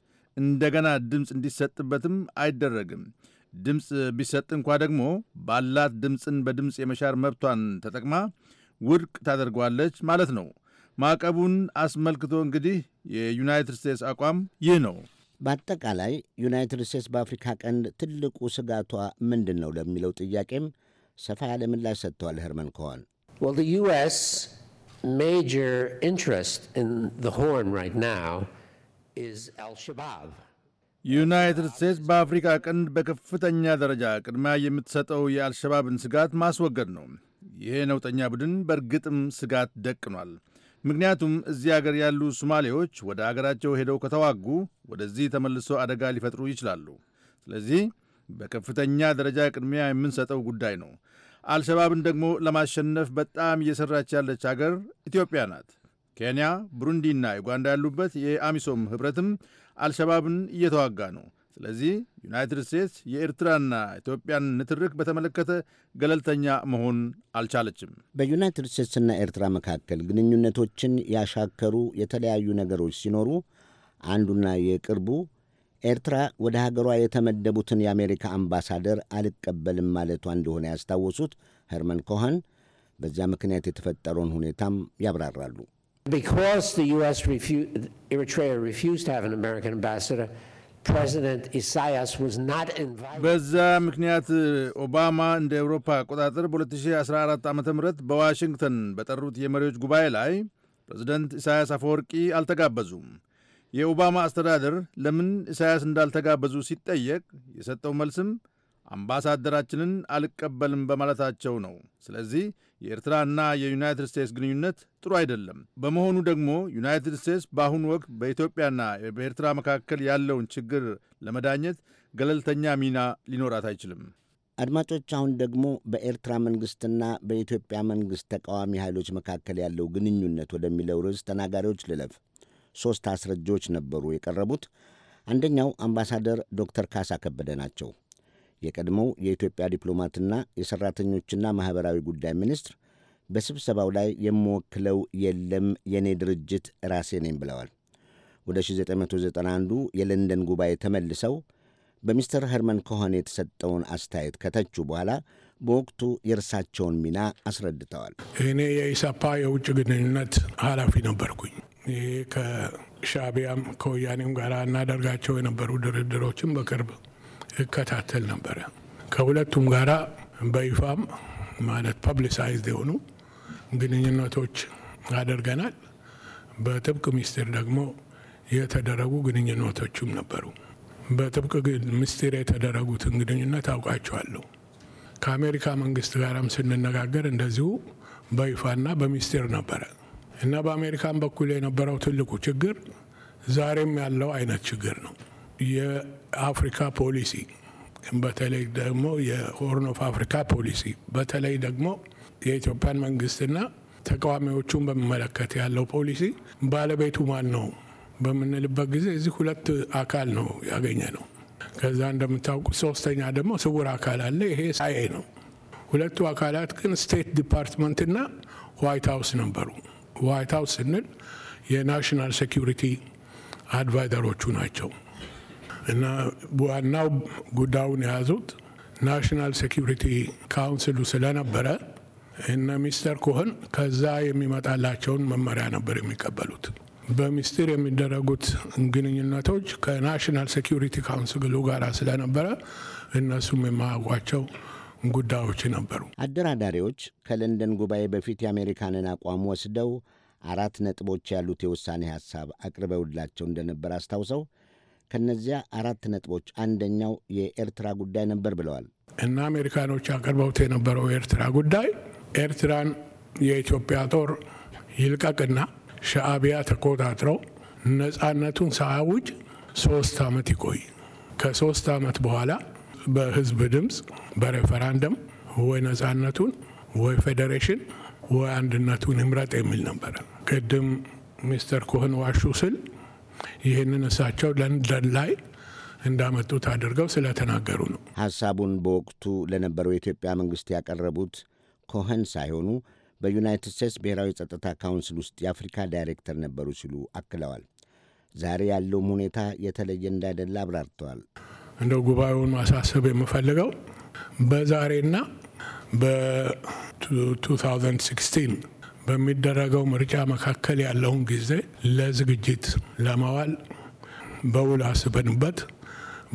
እንደገና ድምፅ እንዲሰጥበትም አይደረግም። ድምፅ ቢሰጥ እንኳ ደግሞ ባላት ድምፅን በድምፅ የመሻር መብቷን ተጠቅማ ውድቅ ታደርገዋለች ማለት ነው። ማዕቀቡን አስመልክቶ እንግዲህ የዩናይትድ ስቴትስ አቋም ይህ ነው። በአጠቃላይ ዩናይትድ ስቴትስ በአፍሪካ ቀንድ ትልቁ ስጋቷ ምንድን ነው ለሚለው ጥያቄም ሰፋ ያለ ምላሽ ሰጥተዋል። ሄርመን ከዋን ዩስ ሜጀር ኢንትረስት ኢን ሆርን ራይት ናው ዩናይትድ ስቴትስ በአፍሪካ ቀንድ በከፍተኛ ደረጃ ቅድሚያ የምትሰጠው የአልሸባብን ስጋት ማስወገድ ነው። ይሄ ነውጠኛ ቡድን በእርግጥም ስጋት ደቅኗል። ምክንያቱም እዚህ አገር ያሉ ሶማሌዎች ወደ አገራቸው ሄደው ከተዋጉ ወደዚህ ተመልሶ አደጋ ሊፈጥሩ ይችላሉ። ስለዚህ በከፍተኛ ደረጃ ቅድሚያ የምንሰጠው ጉዳይ ነው። አልሸባብን ደግሞ ለማሸነፍ በጣም እየሰራች ያለች አገር ኢትዮጵያ ናት። ኬንያ፣ ብሩንዲና ዩጋንዳ ያሉበት የአሚሶም ህብረትም አልሸባብን እየተዋጋ ነው። ስለዚህ ዩናይትድ ስቴትስ የኤርትራና ኢትዮጵያን ንትርክ በተመለከተ ገለልተኛ መሆን አልቻለችም። በዩናይትድ ስቴትስና ኤርትራ መካከል ግንኙነቶችን ያሻከሩ የተለያዩ ነገሮች ሲኖሩ አንዱና የቅርቡ ኤርትራ ወደ ሀገሯ የተመደቡትን የአሜሪካ አምባሳደር አልቀበልም ማለቷ እንደሆነ ያስታወሱት ሄርመን ኮሀን በዚያ ምክንያት የተፈጠረውን ሁኔታም ያብራራሉ። Because the U.S. Refu Eritrea refused to have an American ambassador, President Isaias was not invited. በዛ ምክንያት ኦባማ እንደ አውሮፓ አቆጣጠር በ2014 ዓ ም በዋሽንግተን በጠሩት የመሪዎች ጉባኤ ላይ ፕሬዚደንት ኢሳያስ አፈወርቂ አልተጋበዙም። የኦባማ አስተዳደር ለምን ኢሳያስ እንዳልተጋበዙ ሲጠየቅ የሰጠው መልስም አምባሳደራችንን አልቀበልም በማለታቸው ነው። ስለዚህ የኤርትራና የዩናይትድ ስቴትስ ግንኙነት ጥሩ አይደለም። በመሆኑ ደግሞ ዩናይትድ ስቴትስ በአሁኑ ወቅት በኢትዮጵያና በኤርትራ መካከል ያለውን ችግር ለመዳኘት ገለልተኛ ሚና ሊኖራት አይችልም። አድማጮች፣ አሁን ደግሞ በኤርትራ መንግሥትና በኢትዮጵያ መንግሥት ተቃዋሚ ኃይሎች መካከል ያለው ግንኙነት ወደሚለው ርዕስ ተናጋሪዎች ልለፍ። ሦስት አስረጃዎች ነበሩ የቀረቡት። አንደኛው አምባሳደር ዶክተር ካሳ ከበደ ናቸው። የቀድሞው የኢትዮጵያ ዲፕሎማትና የሠራተኞችና ማኅበራዊ ጉዳይ ሚኒስትር በስብሰባው ላይ የምወክለው የለም፣ የእኔ ድርጅት ራሴ ነኝ ብለዋል። ወደ 1991ዱ የለንደን ጉባኤ ተመልሰው በሚስተር ሄርመን ከሆነ የተሰጠውን አስተያየት ከተቹ በኋላ በወቅቱ የእርሳቸውን ሚና አስረድተዋል። እኔ የኢሰፓ የውጭ ግንኙነት ኃላፊ ነበርኩኝ። ይህ ከሻቢያም፣ ከወያኔም ጋር እናደርጋቸው የነበሩ ድርድሮችን በቅርብ እከታተል ነበረ። ከሁለቱም ጋራ በይፋም ማለት ፐብሊሳይዝድ የሆኑ ግንኙነቶች አደርገናል። በጥብቅ ሚስጢር ደግሞ የተደረጉ ግንኙነቶችም ነበሩ። በጥብቅ ምስጢር የተደረጉትን ግንኙነት አውቃቸዋለሁ። ከአሜሪካ መንግስት ጋራም ስንነጋገር እንደዚሁ በይፋና በሚስጢር ነበረ እና በአሜሪካን በኩል የነበረው ትልቁ ችግር ዛሬም ያለው አይነት ችግር ነው። የአፍሪካ ፖሊሲ በተለይ ደግሞ የሆርን ኦፍ አፍሪካ ፖሊሲ በተለይ ደግሞ የኢትዮጵያን መንግስትና ተቃዋሚዎቹን በሚመለከት ያለው ፖሊሲ ባለቤቱ ማን ነው በምንልበት ጊዜ እዚህ ሁለት አካል ነው ያገኘ ነው። ከዛ እንደምታውቁ ሶስተኛ ደግሞ ስውር አካል አለ። ይሄ ሳኤ ነው። ሁለቱ አካላት ግን ስቴት ና ዋይት ሀውስ ነበሩ። ዋይት ሀውስ ስንል የናሽናል ሴኪሪቲ አድቫይዘሮቹ ናቸው። እና ዋናው ጉዳዩን የያዙት ናሽናል ሴኪሪቲ ካውንስሉ ስለነበረ እነ ሚስተር ኮህን ከዛ የሚመጣላቸውን መመሪያ ነበር የሚቀበሉት። በሚስጢር የሚደረጉት ግንኙነቶች ከናሽናል ሴኪሪቲ ካውንስሉ ጋር ስለነበረ እነሱም የማያውቋቸው ጉዳዮች ነበሩ። አደራዳሪዎች ከለንደን ጉባኤ በፊት የአሜሪካንን አቋም ወስደው አራት ነጥቦች ያሉት የውሳኔ ሐሳብ አቅርበውላቸው እንደነበር አስታውሰው ከእነዚያ አራት ነጥቦች አንደኛው የኤርትራ ጉዳይ ነበር ብለዋል። እና አሜሪካኖች አቅርበውት የነበረው የኤርትራ ጉዳይ ኤርትራን የኢትዮጵያ ጦር ይልቀቅና ሻዕቢያ ተቆጣጥረው ነፃነቱን ሳያውጅ ሶስት ዓመት ይቆይ፣ ከሶስት ዓመት በኋላ በህዝብ ድምፅ በሬፈራንደም ወይ ነፃነቱን ወይ ፌዴሬሽን ወይ አንድነቱን ይምረጥ የሚል ነበረ። ቅድም ሚስተር ኮህን ዋሹ ስል ይህንን እሳቸው ለንደን ላይ እንዳመጡት አድርገው ስለተናገሩ ነው። ሐሳቡን በወቅቱ ለነበረው የኢትዮጵያ መንግሥት ያቀረቡት ኮኸን ሳይሆኑ በዩናይትድ ስቴትስ ብሔራዊ ጸጥታ ካውንስል ውስጥ የአፍሪካ ዳይሬክተር ነበሩ ሲሉ አክለዋል። ዛሬ ያለውም ሁኔታ የተለየ እንዳይደለ አብራርተዋል። እንደው ጉባኤውን ማሳሰብ የምፈልገው በዛሬና በ2016 በሚደረገው ምርጫ መካከል ያለውን ጊዜ ለዝግጅት ለማዋል በውል አስበንበት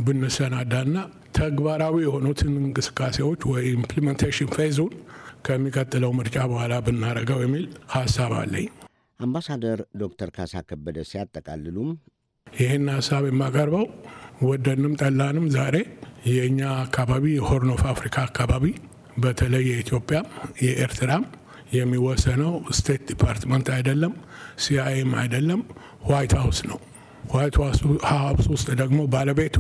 ብንሰናዳና ተግባራዊ የሆኑትን እንቅስቃሴዎች ወይ ኢምፕሊሜንቴሽን ፌዙን ከሚቀጥለው ምርጫ በኋላ ብናረገው የሚል ሀሳብ አለኝ። አምባሳደር ዶክተር ካሳ ከበደ ሲያጠቃልሉም ይህን ሀሳብ የማቀርበው ወደንም ጠላንም ዛሬ የእኛ አካባቢ የሆርን ኦፍ አፍሪካ አካባቢ በተለይ የኢትዮጵያም የኤርትራም የሚወሰነው ስቴት ዲፓርትመንት አይደለም፣ ሲአይኤም አይደለም፣ ዋይት ሀውስ ነው። ዋይት ሀውስ ውስጥ ደግሞ ባለቤቱ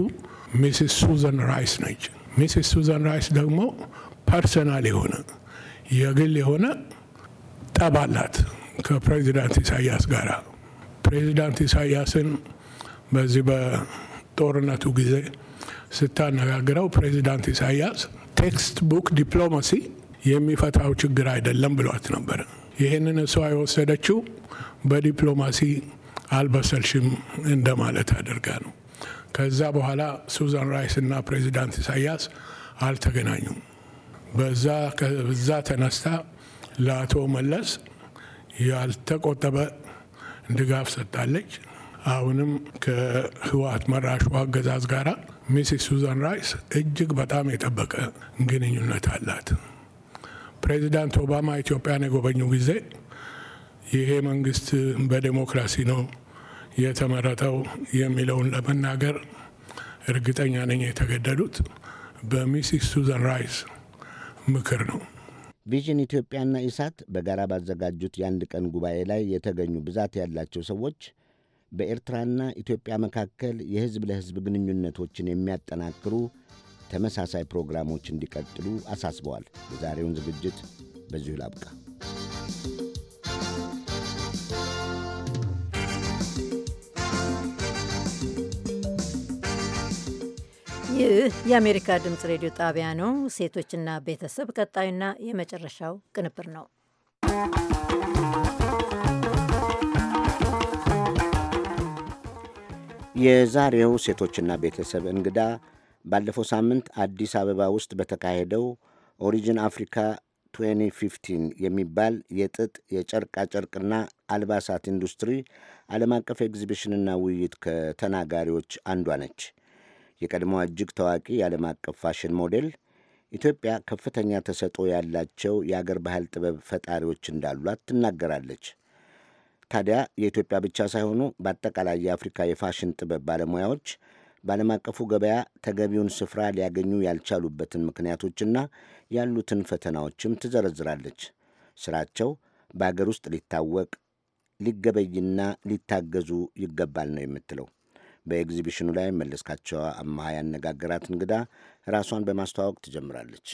ሚስስ ሱዘን ራይስ ነች። ሚስስ ሱዘን ራይስ ደግሞ ፐርሰናል የሆነ የግል የሆነ ጠብ አላት ከፕሬዚዳንት ኢሳያስ ጋር። ፕሬዚዳንት ኢሳያስን በዚህ በጦርነቱ ጊዜ ስታነጋግረው ፕሬዚዳንት ኢሳያስ ቴክስት ቡክ ዲፕሎማሲ የሚፈታው ችግር አይደለም ብሏት ነበር። ይህንን እሷ የወሰደችው በዲፕሎማሲ አልበሰልሽም እንደማለት አድርጋ ነው። ከዛ በኋላ ሱዛን ራይስ እና ፕሬዚዳንት ኢሳያስ አልተገናኙም። በዛ ተነስታ ለአቶ መለስ ያልተቆጠበ ድጋፍ ሰጥታለች። አሁንም ከህወሀት መራሹ አገዛዝ ጋር ሚሲስ ሱዛን ራይስ እጅግ በጣም የጠበቀ ግንኙነት አላት። ፕሬዚዳንት ኦባማ ኢትዮጵያን የጎበኙ ጊዜ ይሄ መንግስት በዴሞክራሲ ነው የተመረጠው የሚለውን ለመናገር እርግጠኛ ነኝ የተገደዱት በሚሲስ ሱዘን ራይስ ምክር ነው። ቪዥን ኢትዮጵያና ኢሳት በጋራ ባዘጋጁት የአንድ ቀን ጉባኤ ላይ የተገኙ ብዛት ያላቸው ሰዎች በኤርትራና ኢትዮጵያ መካከል የህዝብ ለህዝብ ግንኙነቶችን የሚያጠናክሩ ተመሳሳይ ፕሮግራሞች እንዲቀጥሉ አሳስበዋል። የዛሬውን ዝግጅት በዚሁ ላብቃ። ይህ የአሜሪካ ድምፅ ሬዲዮ ጣቢያ ነው። ሴቶችና ቤተሰብ ቀጣዩና የመጨረሻው ቅንብር ነው። የዛሬው ሴቶችና ቤተሰብ እንግዳ ባለፈው ሳምንት አዲስ አበባ ውስጥ በተካሄደው ኦሪጂን አፍሪካ 2015 የሚባል የጥጥ የጨርቃጨርቅና አልባሳት ኢንዱስትሪ ዓለም አቀፍ ኤግዚቢሽንና ውይይት ከተናጋሪዎች አንዷ ነች። የቀድሞዋ እጅግ ታዋቂ የዓለም አቀፍ ፋሽን ሞዴል ኢትዮጵያ ከፍተኛ ተሰጦ ያላቸው የአገር ባህል ጥበብ ፈጣሪዎች እንዳሏት ትናገራለች። ታዲያ የኢትዮጵያ ብቻ ሳይሆኑ በአጠቃላይ የአፍሪካ የፋሽን ጥበብ ባለሙያዎች በዓለም አቀፉ ገበያ ተገቢውን ስፍራ ሊያገኙ ያልቻሉበትን ምክንያቶችና ያሉትን ፈተናዎችም ትዘረዝራለች። ስራቸው በአገር ውስጥ ሊታወቅ ሊገበይና ሊታገዙ ይገባል ነው የምትለው። በኤግዚቢሽኑ ላይ መለስካቸው አማሃ ያነጋገራት እንግዳ ራሷን በማስተዋወቅ ትጀምራለች።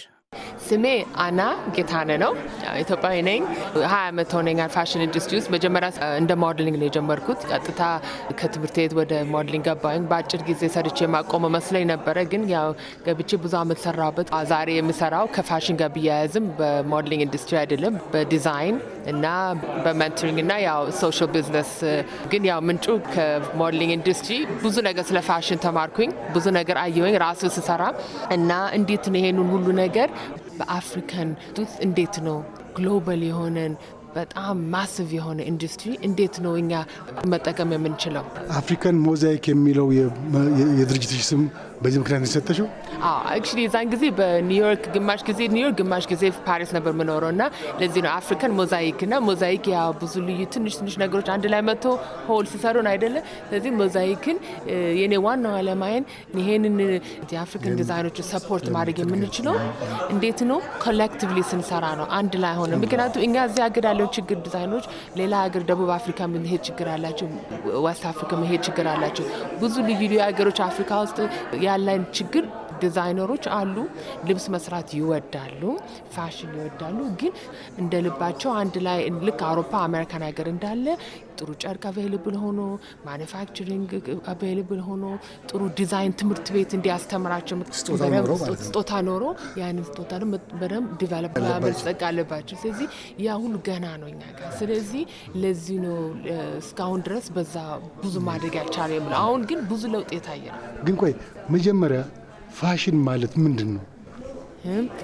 ስሜ አና ጌታነ ነው። ኢትዮጵያዊ ነኝ። ሀያ ዓመት ሆነኛል ፋሽን ኢንዱስትሪ ውስጥ። መጀመሪያ እንደ ሞዴሊንግ ነው የጀመርኩት። ቀጥታ ከትምህርት ቤት ወደ ሞዴሊንግ ገባኝ። በአጭር ጊዜ ሰርቼ የማቆመ መስለኝ ነበረ፣ ግን ያው ገብቼ ብዙ ዓመት ሰራሁበት። ዛሬ የምሰራው ከፋሽን ጋር ብያያዝም በሞዴሊንግ ኢንዱስትሪ አይደለም፣ በዲዛይን እና በመንተሪንግ እና ያው ሶሻል ቢዝነስ። ግን ያው ምንጩ ከሞዴሊንግ ኢንዱስትሪ ብዙ ነገር ስለ ፋሽን ተማርኩኝ፣ ብዙ ነገር አየሁኝ ራሱ ስሰራ እና እንዴት ነው ይሄንን ሁሉ ነገር በአፍሪካን ውስጥ እንዴት ነው ግሎባል የሆነን በጣም ማስቭ የሆነ ኢንዱስትሪ እንዴት ነው እኛ መጠቀም የምንችለው? አፍሪካን ሞዛይክ የሚለው የድርጅት ስም በዚህ ምክንያት ነው አክቹሊ የዛን ጊዜ በኒውዮርክ ግማሽ ጊዜ ኒውዮርክ ግማሽ ጊዜ ፓሪስ ነበር የምኖረው እና ለዚህ ነው አፍሪካን ሞዛይክ እና ሞዛይክ ያ ብዙ ልዩ ትንሽ ትንሽ ነገሮች አንድ ላይ መጥቶ ሆል ሲሰሩን አይደለ። ስለዚህ ሞዛይክን የኔ ዋናው አለማየን ይሄንን የአፍሪካን ዲዛይኖች ሰፖርት ማድረግ የምንችለው እንዴት ነው ኮሌክቲቭሊ ስንሰራ ነው፣ አንድ ላይ ሆነ። ምክንያቱም እኛ እዚህ ሀገር ያለው ችግር ዲዛይኖች ሌላ ሀገር ደቡብ አፍሪካ መሄድ ችግር አላቸው፣ ዌስት አፍሪካ መሄድ ችግር አላቸው። ብዙ ልዩ ልዩ ሀገሮች አፍሪካ ውስጥ ያለን ችግር ዲዛይነሮች አሉ። ልብስ መስራት ይወዳሉ፣ ፋሽን ይወዳሉ። ግን እንደ ልባቸው አንድ ላይ ልክ አውሮፓ አሜሪካን ሀገር እንዳለ ጥሩ ጨርቅ አቬይልብል ሆኖ ማኒፋክቸሪንግ አቬይልብል ሆኖ ጥሩ ዲዛይን ትምህርት ቤት እንዲያስተምራቸው ስጦታ ኖሮ ያንን ስጦታ በደንብ ዲቨሎፕ ማበልጸግ አለባቸው። ስለዚህ ያ ሁሉ ገና ነው እኛ ጋር። ስለዚህ ለዚህ ነው እስካሁን ድረስ በዛ ብዙ ማድረግ ያልቻለ የምለው። አሁን ግን ብዙ ለውጥ የታየ ነው። ግን ቆይ መጀመሪያ ፋሽን ማለት ምንድን ነው?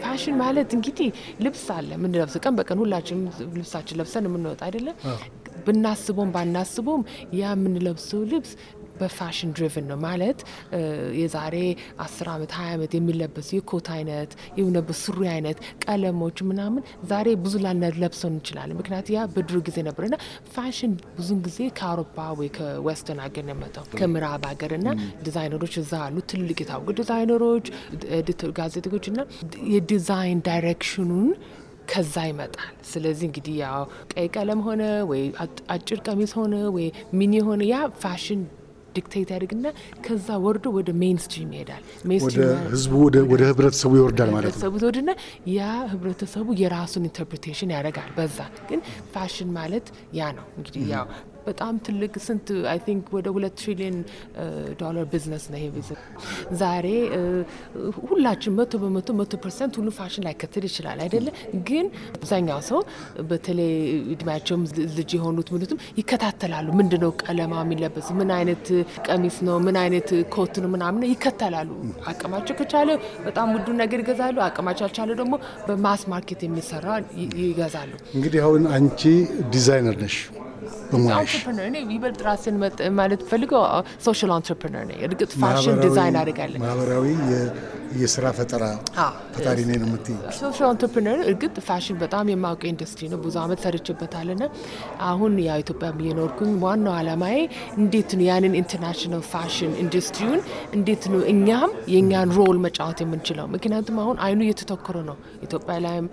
ፋሽን ማለት እንግዲህ ልብስ አለ የምንለብሰው ቀን በቀን ሁላችንም ልብሳችን ለብሰን የምንወጣ አይደለም። ብናስበውም ባናስቦም ያ የምንለብሰው ልብስ በፋሽን ድሪቭን ነው ማለት የዛሬ አስር ዓመት 20 ዓመት የሚለበሱ የኮት አይነት የሚለበሱ ሱሪ አይነት ቀለሞች ምናምን ዛሬ ብዙ ላንለብሰው እንችላለን። ምክንያቱ ያ በድሮ ጊዜ ነበርና ፋሽን ብዙን ጊዜ ከአውሮፓ ወይ ከዌስተን ሀገር ነው የመጣው ከምዕራብ ሀገር እና ዲዛይነሮች እዛ አሉ ትልቅ የታወቁ ዲዛይነሮች፣ ጋዜጠኞች እና የዲዛይን ዳይሬክሽኑን ከዛ ይመጣል። ስለዚህ እንግዲህ ያው ቀይ ቀለም ሆነ ወይ አጭር ቀሚስ ሆነ ወይ ሚኒ ሆነ ያ ፋሽን ዲክቴት ያደርግና ከዛ ወርዶ ወደ ሜንስትሪም ይሄዳል። ህዝቡ ወደ ህብረተሰቡ ይወርዳል ማለት ነው። ትወድና ያ ህብረተሰቡ የራሱን ኢንተርፕሬቴሽን ያደርጋል። በዛ ግን ፋሽን ማለት ያ ነው እንግዲህ ያው በጣም ትልቅ ስንት አይ ቲንክ ወደ ሁለት ትሪሊዮን ዶላር ቢዝነስ ነው ይሄ ቢዝነስ። ዛሬ ሁላችን መቶ በመቶ መቶ ፐርሰንት ሁሉ ፋሽን ላይከተል ይችላል አይደለ? ግን አብዛኛው ሰው በተለይ እድሜያቸውም ልጅ የሆኑት ምኑትም ይከታተላሉ። ምንድነው ቀለማ የሚለበስ ምን አይነት ቀሚስ ነው ምን አይነት ኮት ነው ምናምን ይከተላሉ። አቅማቸው ከቻለ በጣም ውዱ ነገር ይገዛሉ። አቅማቸው አልቻለ ደግሞ በማስ ማርኬት የሚሰራ ይገዛሉ። እንግዲህ አሁን አንቺ ዲዛይነር ነሽ አንትርፕርነር ነኝ። ይበልጥ ማለት ፈልገው ሶሻል አንትርፕርነር ነኝ። እርግጥ ፋሽን ዲዛይን ማህበራዊ የስራ ፈጠራ ፈጣሪ ነኝ ነው የምትይኝ? ሶሻል ኢንተርፕረነር። እርግጥ ፋሽን በጣም የማውቀው ኢንዱስትሪ ነው፣ ብዙ አመት ሰርችበታል። ና አሁን ያው ኢትዮጵያ እየኖርኩኝ ዋናው አላማዬ እንዴት ነው ያንን ኢንተርናሽናል ፋሽን ኢንዱስትሪውን እንዴት ነው እኛም የእኛን ሮል መጫወት የምንችለው? ምክንያቱም አሁን አይኑ እየተተኮረ ነው ኢትዮጵያ ላይም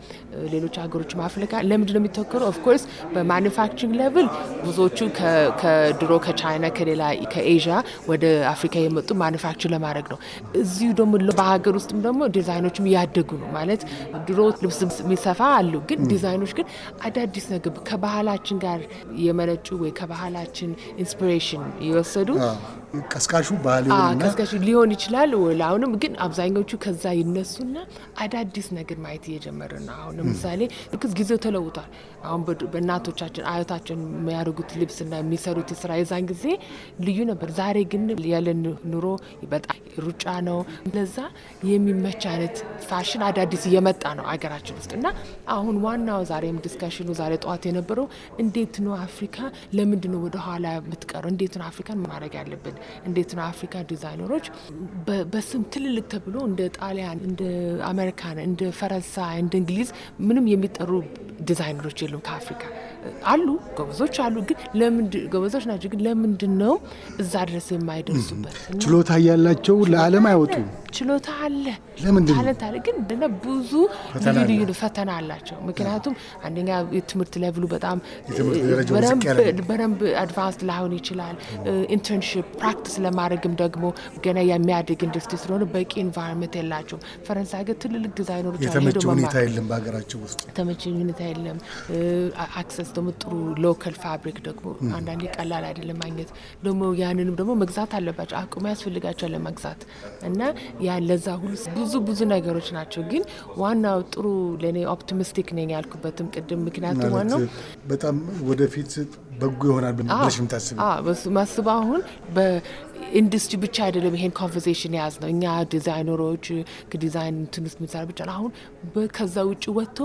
ሌሎች ሀገሮች አፍሪካ ለምንድን ነው የሚተኮረው? ኦፍኮርስ በማኒፋክቸሪንግ ሌቭል ብዙዎቹ ከድሮ ከቻይና ከሌላ ከኤዥያ ወደ አፍሪካ የመጡ ማኒፋክቸር ለማድረግ ነው። እዚሁ ደግሞ በሀገር ሀገር ውስጥም ደግሞ ዲዛይኖችም እያደጉ ነው ማለት ድሮ ልብስ የሚሰፋ አሉ፣ ግን ዲዛይኖች ግን አዳዲስ ነገር ከባህላችን ጋር የመነጩ ወይ ከባህላችን ኢንስፒሬሽን የወሰዱ ቀስቃሹ ባህል ቀስቃሹ ሊሆን ይችላል። አሁንም ግን አብዛኞቹ ከዛ ይነሱና አዳዲስ ነገር ማየት እየጀመረ ነው። አሁን ለምሳሌ ልክስ ጊዜው ተለውጧል። አሁን በእናቶቻችን አያታችን የሚያደርጉት ልብስና የሚሰሩት ስራ የዛን ጊዜ ልዩ ነበር። ዛሬ ግን ያለን ኑሮ በጣም ሩጫ ነው። ለዛ የሚመች አይነት ፋሽን አዳዲስ እየመጣ ነው አገራችን ውስጥ እና አሁን ዋናው ዛሬም ዲስካሽኑ ዛሬ ጠዋት የነበረው እንዴት ነው አፍሪካ ለምንድነው ወደኋላ የምትቀረው? እንዴት ነው አፍሪካን ማድረግ ያለበት እንዴት ነው አፍሪካ ዲዛይነሮች በስም ትልልቅ ተብሎ እንደ ጣሊያን፣ እንደ አሜሪካን፣ እንደ ፈረንሳይ፣ እንደ እንግሊዝ ምንም የሚጠሩ ዲዛይነሮች የሉም ከአፍሪካ አሉ ጎበዞች አሉ። ግን ጎበዞች ናቸው? ግን ለምንድን ነው እዛ ድረስ የማይደርሱበት? ችሎታ ያላቸው ለአለም አይወጡም። ችሎታ አለ፣ ለምን ታለንት አለ። ግን እንደና ብዙ ልዩ ልዩ ፈተና አላቸው። ምክንያቱም አንደኛ የትምህርት ሌቭሉ በጣም በደንብ አድቫንስ ላይሆን ይችላል። ኢንተርንሽፕ ፕራክቲስ ለማድረግም ደግሞ ገና የሚያድግ ኢንዱስትሪ ስለሆነ በቂ ኢንቫይሮንመንት የላቸውም። ፈረንሳይ ሀገር ትልልቅ ዲዛይነሮች የተመቸ ሁኔታ የለም፣ በሀገራቸው ውስጥ የተመቸ ሁኔታ የለም። አክሰስ ደግሞ ጥሩ ሎካል ፋብሪክ ደግሞ አንዳንዴ ቀላል አይደለም ማግኘት። ደግሞ ያንንም ደግሞ መግዛት አለባቸው፣ አቅሙ ያስፈልጋቸው ለመግዛት እና ያለዛ ሁሉ ብዙ ብዙ ነገሮች ናቸው። ግን ዋናው ጥሩ ለእኔ ኦፕቲሚስቲክ ነኝ ያልኩበትም ቅድም ምክንያቱም ዋናው በጣም ወደፊት በጎ ይሆናል ብለሽ የምታስብ ማስበ አሁን ኢንዱስትሪ ብቻ አይደለም ይሄን ኮንቨርሴሽን የያዝ ነው። እኛ ዲዛይነሮች ከዲዛይን ትንስ ምንሰራ ብቻ አሁን ከዛ ውጭ ወጥቶ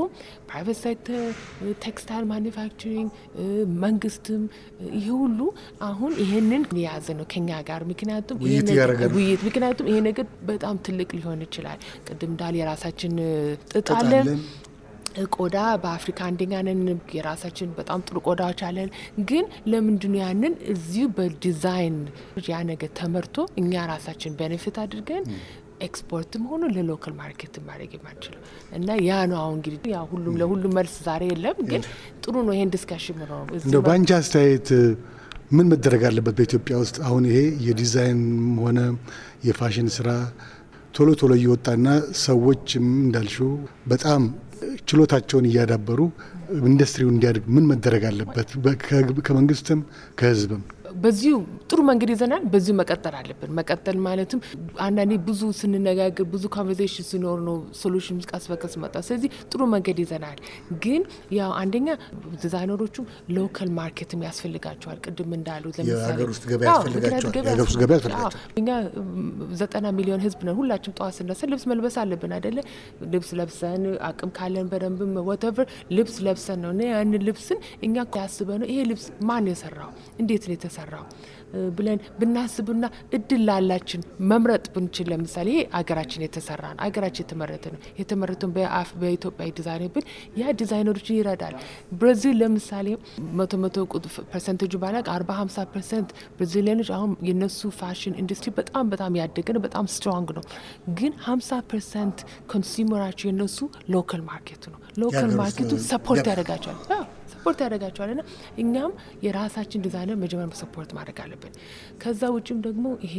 ፕራይቬት ሴክተር፣ ቴክስታይል ማኒፋክቸሪንግ፣ መንግስትም ይሄ ሁሉ አሁን ይሄንን የያዘ ነው ከኛ ጋር ምክንያቱም ውይይት ምክንያቱም ይሄ ነገር በጣም ትልቅ ሊሆን ይችላል። ቅድም እንዳል የራሳችን ጥጥ አለን ቆዳ በአፍሪካ አንደኛ ነን። የራሳችን በጣም ጥሩ ቆዳዎች አለን። ግን ለምንድነው ያንን እዚሁ በዲዛይን ያ ነገር ተመርቶ እኛ ራሳችን ቤኔፊት አድርገን ኤክስፖርትም ሆኖ ለሎካል ማርኬት ማድረግ የማንችለው እና ያ ነው። አሁን እንግዲህ ያ ሁሉም ለሁሉም መልስ ዛሬ የለም፣ ግን ጥሩ ነው ይሄን ዲስካሽን ምኖ እንደው በአንቺ አስተያየት ምን መደረግ አለበት በኢትዮጵያ ውስጥ አሁን ይሄ የዲዛይንም ሆነ የፋሽን ስራ ቶሎ ቶሎ እየወጣና ሰዎችም እንዳልሽው በጣም ችሎታቸውን እያዳበሩ ኢንዱስትሪውን እንዲያድግ ምን መደረግ አለበት? ከመንግስትም ከህዝብም በዚሁ ጥሩ መንገድ ይዘናል። በዚሁ መቀጠል አለብን። መቀጠል ማለትም አንዳንዴ ብዙ ስንነጋገር ብዙ ኮንቨርሴሽን ሲኖር ነው ሶሉሽን ቀስ በቀስ መጣ። ስለዚህ ጥሩ መንገድ ይዘናል። ግን ያው አንደኛ ዲዛይነሮቹም ሎካል ማርኬትም ያስፈልጋቸዋል። ቅድም እንዳሉ ለምሳሌ እኛ ዘጠና ሚሊዮን ህዝብ ነን። ሁላችንም ጠዋት ስነሳ ልብስ መልበስ አለብን አይደለ? ልብስ ለብሰን አቅም ካለን በደንብም ወተቨር ልብስ ለብሰን ነው ያንን ልብስን እኛ ያስበ ነው ይሄ ልብስ ማን የሰራው እንዴት ነው የተሰራ የተሰራው ብለን ብናስብና እድል ላላችን መምረጥ ብንችል፣ ለምሳሌ ይሄ አገራችን የተሰራ ነው፣ አገራችን የተመረተ ነው፣ የተመረተውን በአፍ በኢትዮጵያ ዲዛይን ብል ያ ዲዛይነሮችን ይረዳል። ብራዚል ለምሳሌ መቶ መቶ ፐርሰንቴጅ ባላቅ አርባ ሀምሳ ፐርሰንት ብራዚሊያኖች አሁን የነሱ ፋሽን ኢንዱስትሪ በጣም በጣም ያደገ ነው፣ በጣም ስትሮንግ ነው። ግን ሀምሳ ፐርሰንት ኮንሱመራቸው የነሱ ሎካል ማርኬቱ ነው። ሎካል ማርኬቱ ሰፖርት ያደርጋቸዋል። ሰፖርት ያደርጋቸዋል ና እኛም የራሳችን ዲዛይነር መጀመሪያ ሰፖርት ማድረግ አለብን። ከዛ ውጭም ደግሞ ይሄ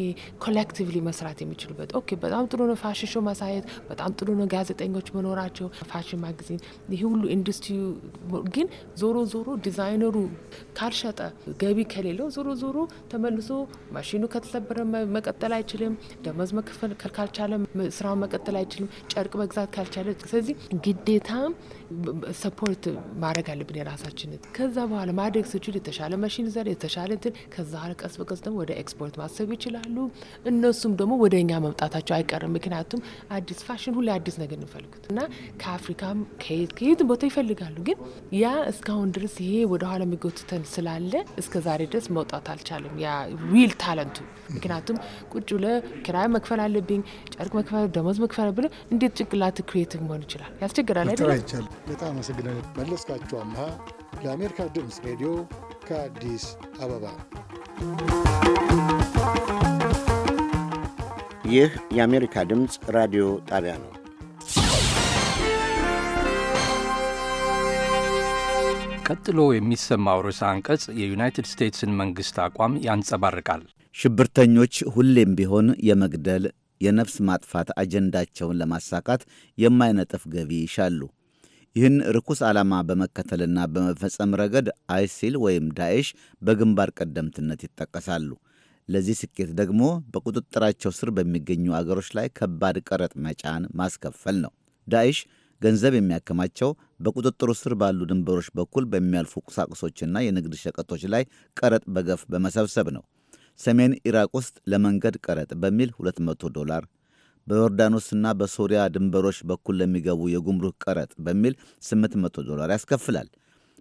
ኮሌክቲቭሊ መስራት የሚችሉበት ኦኬ፣ በጣም ጥሩ ነው ፋሽን ሾ ማሳየት፣ በጣም ጥሩ ነው ጋዜጠኞች መኖራቸው፣ ፋሽን ማግዚን፣ ይሄ ሁሉ ኢንዱስትሪ ግን ዞሮ ዞሮ ዲዛይነሩ ካልሸጠ ገቢ ከሌለው ዞሮ ዞሮ ተመልሶ ማሽኑ ከተሰበረ መቀጠል አይችልም። ደመወዝ መክፈል ካልቻለ ስራውን መቀጠል አይችልም። ጨርቅ መግዛት ካልቻለ ስለዚህ ግዴታም ሰፖርት ማድረግ አለብን የራሳችንን። ከዛ በኋላ ማደግ ስችል የተሻለ መሽን ዘር የተሻለ እንትን ከዛ በኋላ ቀስ በቀስ ደግሞ ወደ ኤክስፖርት ማሰብ ይችላሉ። እነሱም ደግሞ ወደ እኛ መምጣታቸው አይቀርም። ምክንያቱም አዲስ ፋሽን ሁሌ አዲስ ነገር እንፈልጉት እና ከአፍሪካም ከየትም ቦታ ይፈልጋሉ። ግን ያ እስካሁን ድረስ ይሄ ወደኋላ የሚጎትተን ስላለ እስከ ዛሬ ድረስ መውጣት አልቻለም። ያ ሪል ታለንቱ ምክንያቱም ቁጭ ብለህ ኪራይ መክፈል አለብኝ ጨርቅ መክፈል ደሞዝ መክፈል ብለህ እንዴት ጭንቅላት ክሬቲቭ መሆን ይችላል? ያስቸግራል አይደለም? በጣም አመሰግናለሁ። መለስካቸው አምሃ ለአሜሪካ ድምፅ ሬዲዮ ከአዲስ አበባ። ይህ የአሜሪካ ድምፅ ራዲዮ ጣቢያ ነው። ቀጥሎ የሚሰማው ርዕሰ አንቀጽ የዩናይትድ ስቴትስን መንግሥት አቋም ያንጸባርቃል። ሽብርተኞች ሁሌም ቢሆን የመግደል የነፍስ ማጥፋት አጀንዳቸውን ለማሳካት የማይነጥፍ ገቢ ይሻሉ። ይህን ርኩስ ዓላማ በመከተልና በመፈጸም ረገድ አይሲል ወይም ዳኤሽ በግንባር ቀደምትነት ይጠቀሳሉ። ለዚህ ስኬት ደግሞ በቁጥጥራቸው ስር በሚገኙ አገሮች ላይ ከባድ ቀረጥ መጫን ማስከፈል ነው። ዳኤሽ ገንዘብ የሚያከማቸው በቁጥጥሩ ስር ባሉ ድንበሮች በኩል በሚያልፉ ቁሳቁሶችና የንግድ ሸቀጦች ላይ ቀረጥ በገፍ በመሰብሰብ ነው። ሰሜን ኢራቅ ውስጥ ለመንገድ ቀረጥ በሚል 200 ዶላር በዮርዳኖስና በሶሪያ ድንበሮች በኩል ለሚገቡ የጉምሩክ ቀረጥ በሚል 800 ዶላር ያስከፍላል።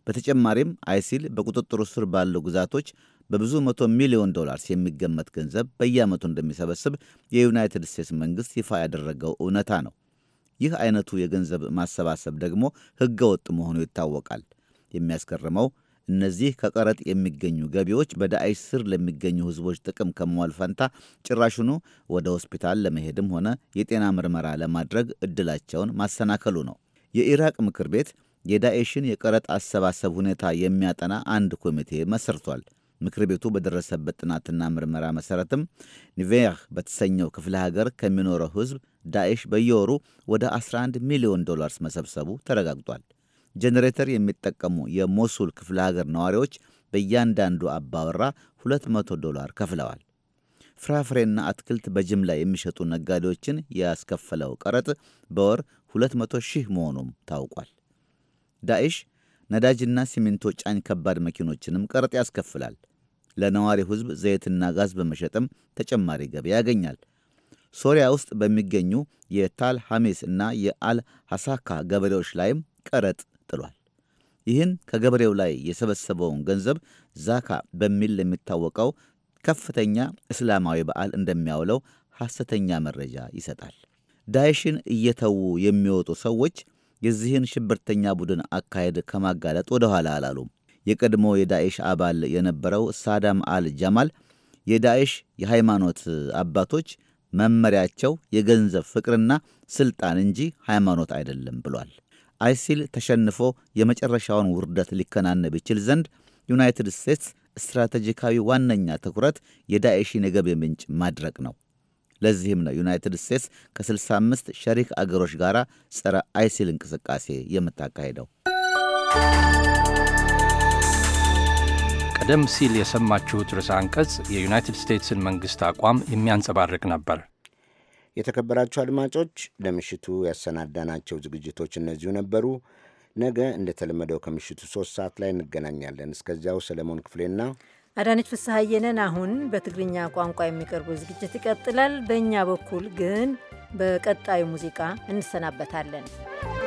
በተጨማሪም አይሲል በቁጥጥሩ ስር ባሉ ግዛቶች በብዙ መቶ ሚሊዮን ዶላርስ የሚገመት ገንዘብ በየዓመቱ እንደሚሰበስብ የዩናይትድ ስቴትስ መንግሥት ይፋ ያደረገው እውነታ ነው። ይህ አይነቱ የገንዘብ ማሰባሰብ ደግሞ ሕገ ወጥ መሆኑ ይታወቃል። የሚያስገርመው እነዚህ ከቀረጥ የሚገኙ ገቢዎች በዳዕሽ ስር ለሚገኙ ህዝቦች ጥቅም ከመዋል ፈንታ ጭራሹኑ ወደ ሆስፒታል ለመሄድም ሆነ የጤና ምርመራ ለማድረግ እድላቸውን ማሰናከሉ ነው። የኢራቅ ምክር ቤት የዳኤሽን የቀረጥ አሰባሰብ ሁኔታ የሚያጠና አንድ ኮሚቴ መስርቷል። ምክር ቤቱ በደረሰበት ጥናትና ምርመራ መሠረትም ኒቬር በተሰኘው ክፍለ ሀገር ከሚኖረው ህዝብ ዳኤሽ በየወሩ ወደ 11 ሚሊዮን ዶላርስ መሰብሰቡ ተረጋግጧል። ጄኔሬተር የሚጠቀሙ የሞሱል ክፍለ ሀገር ነዋሪዎች በእያንዳንዱ አባወራ 200 ዶላር ከፍለዋል። ፍራፍሬና አትክልት በጅምላ የሚሸጡ ነጋዴዎችን ያስከፈለው ቀረጥ በወር 200 ሺህ መሆኑም ታውቋል። ዳኤሽ ነዳጅና ሲሚንቶ ጫኝ ከባድ መኪኖችንም ቀረጥ ያስከፍላል። ለነዋሪው ሕዝብ ዘይትና ጋዝ በመሸጥም ተጨማሪ ገቢ ያገኛል። ሶሪያ ውስጥ በሚገኙ የታል ሐሜስ እና የአል ሐሳካ ገበሬዎች ላይም ቀረጥ ጥሏል። ይህን ከገበሬው ላይ የሰበሰበውን ገንዘብ ዛካ በሚል የሚታወቀው ከፍተኛ እስላማዊ በዓል እንደሚያውለው ሐሰተኛ መረጃ ይሰጣል። ዳይሽን እየተዉ የሚወጡ ሰዎች የዚህን ሽብርተኛ ቡድን አካሄድ ከማጋለጥ ወደ ኋላ አላሉም። የቀድሞ የዳኤሽ አባል የነበረው ሳዳም አል ጃማል የዳኤሽ የሃይማኖት አባቶች መመሪያቸው የገንዘብ ፍቅርና ስልጣን እንጂ ሃይማኖት አይደለም ብሏል። አይሲል ተሸንፎ የመጨረሻውን ውርደት ሊከናነብ ይችል ዘንድ ዩናይትድ ስቴትስ ስትራቴጂካዊ ዋነኛ ትኩረት የዳኤሽን የገቢ ምንጭ ማድረቅ ነው። ለዚህም ነው ዩናይትድ ስቴትስ ከ65 ሸሪክ አገሮች ጋር ጸረ አይሲል እንቅስቃሴ የምታካሄደው። ቀደም ሲል የሰማችሁት ርዕሰ አንቀጽ የዩናይትድ ስቴትስን መንግሥት አቋም የሚያንጸባርቅ ነበር። የተከበራችሁ አድማጮች ለምሽቱ ያሰናዳናቸው ዝግጅቶች እነዚሁ ነበሩ። ነገ እንደተለመደው ከምሽቱ ሶስት ሰዓት ላይ እንገናኛለን። እስከዚያው ሰለሞን ክፍሌና አዳነች ፍስሐየነን። አሁን በትግርኛ ቋንቋ የሚቀርበው ዝግጅት ይቀጥላል። በእኛ በኩል ግን በቀጣዩ ሙዚቃ እንሰናበታለን።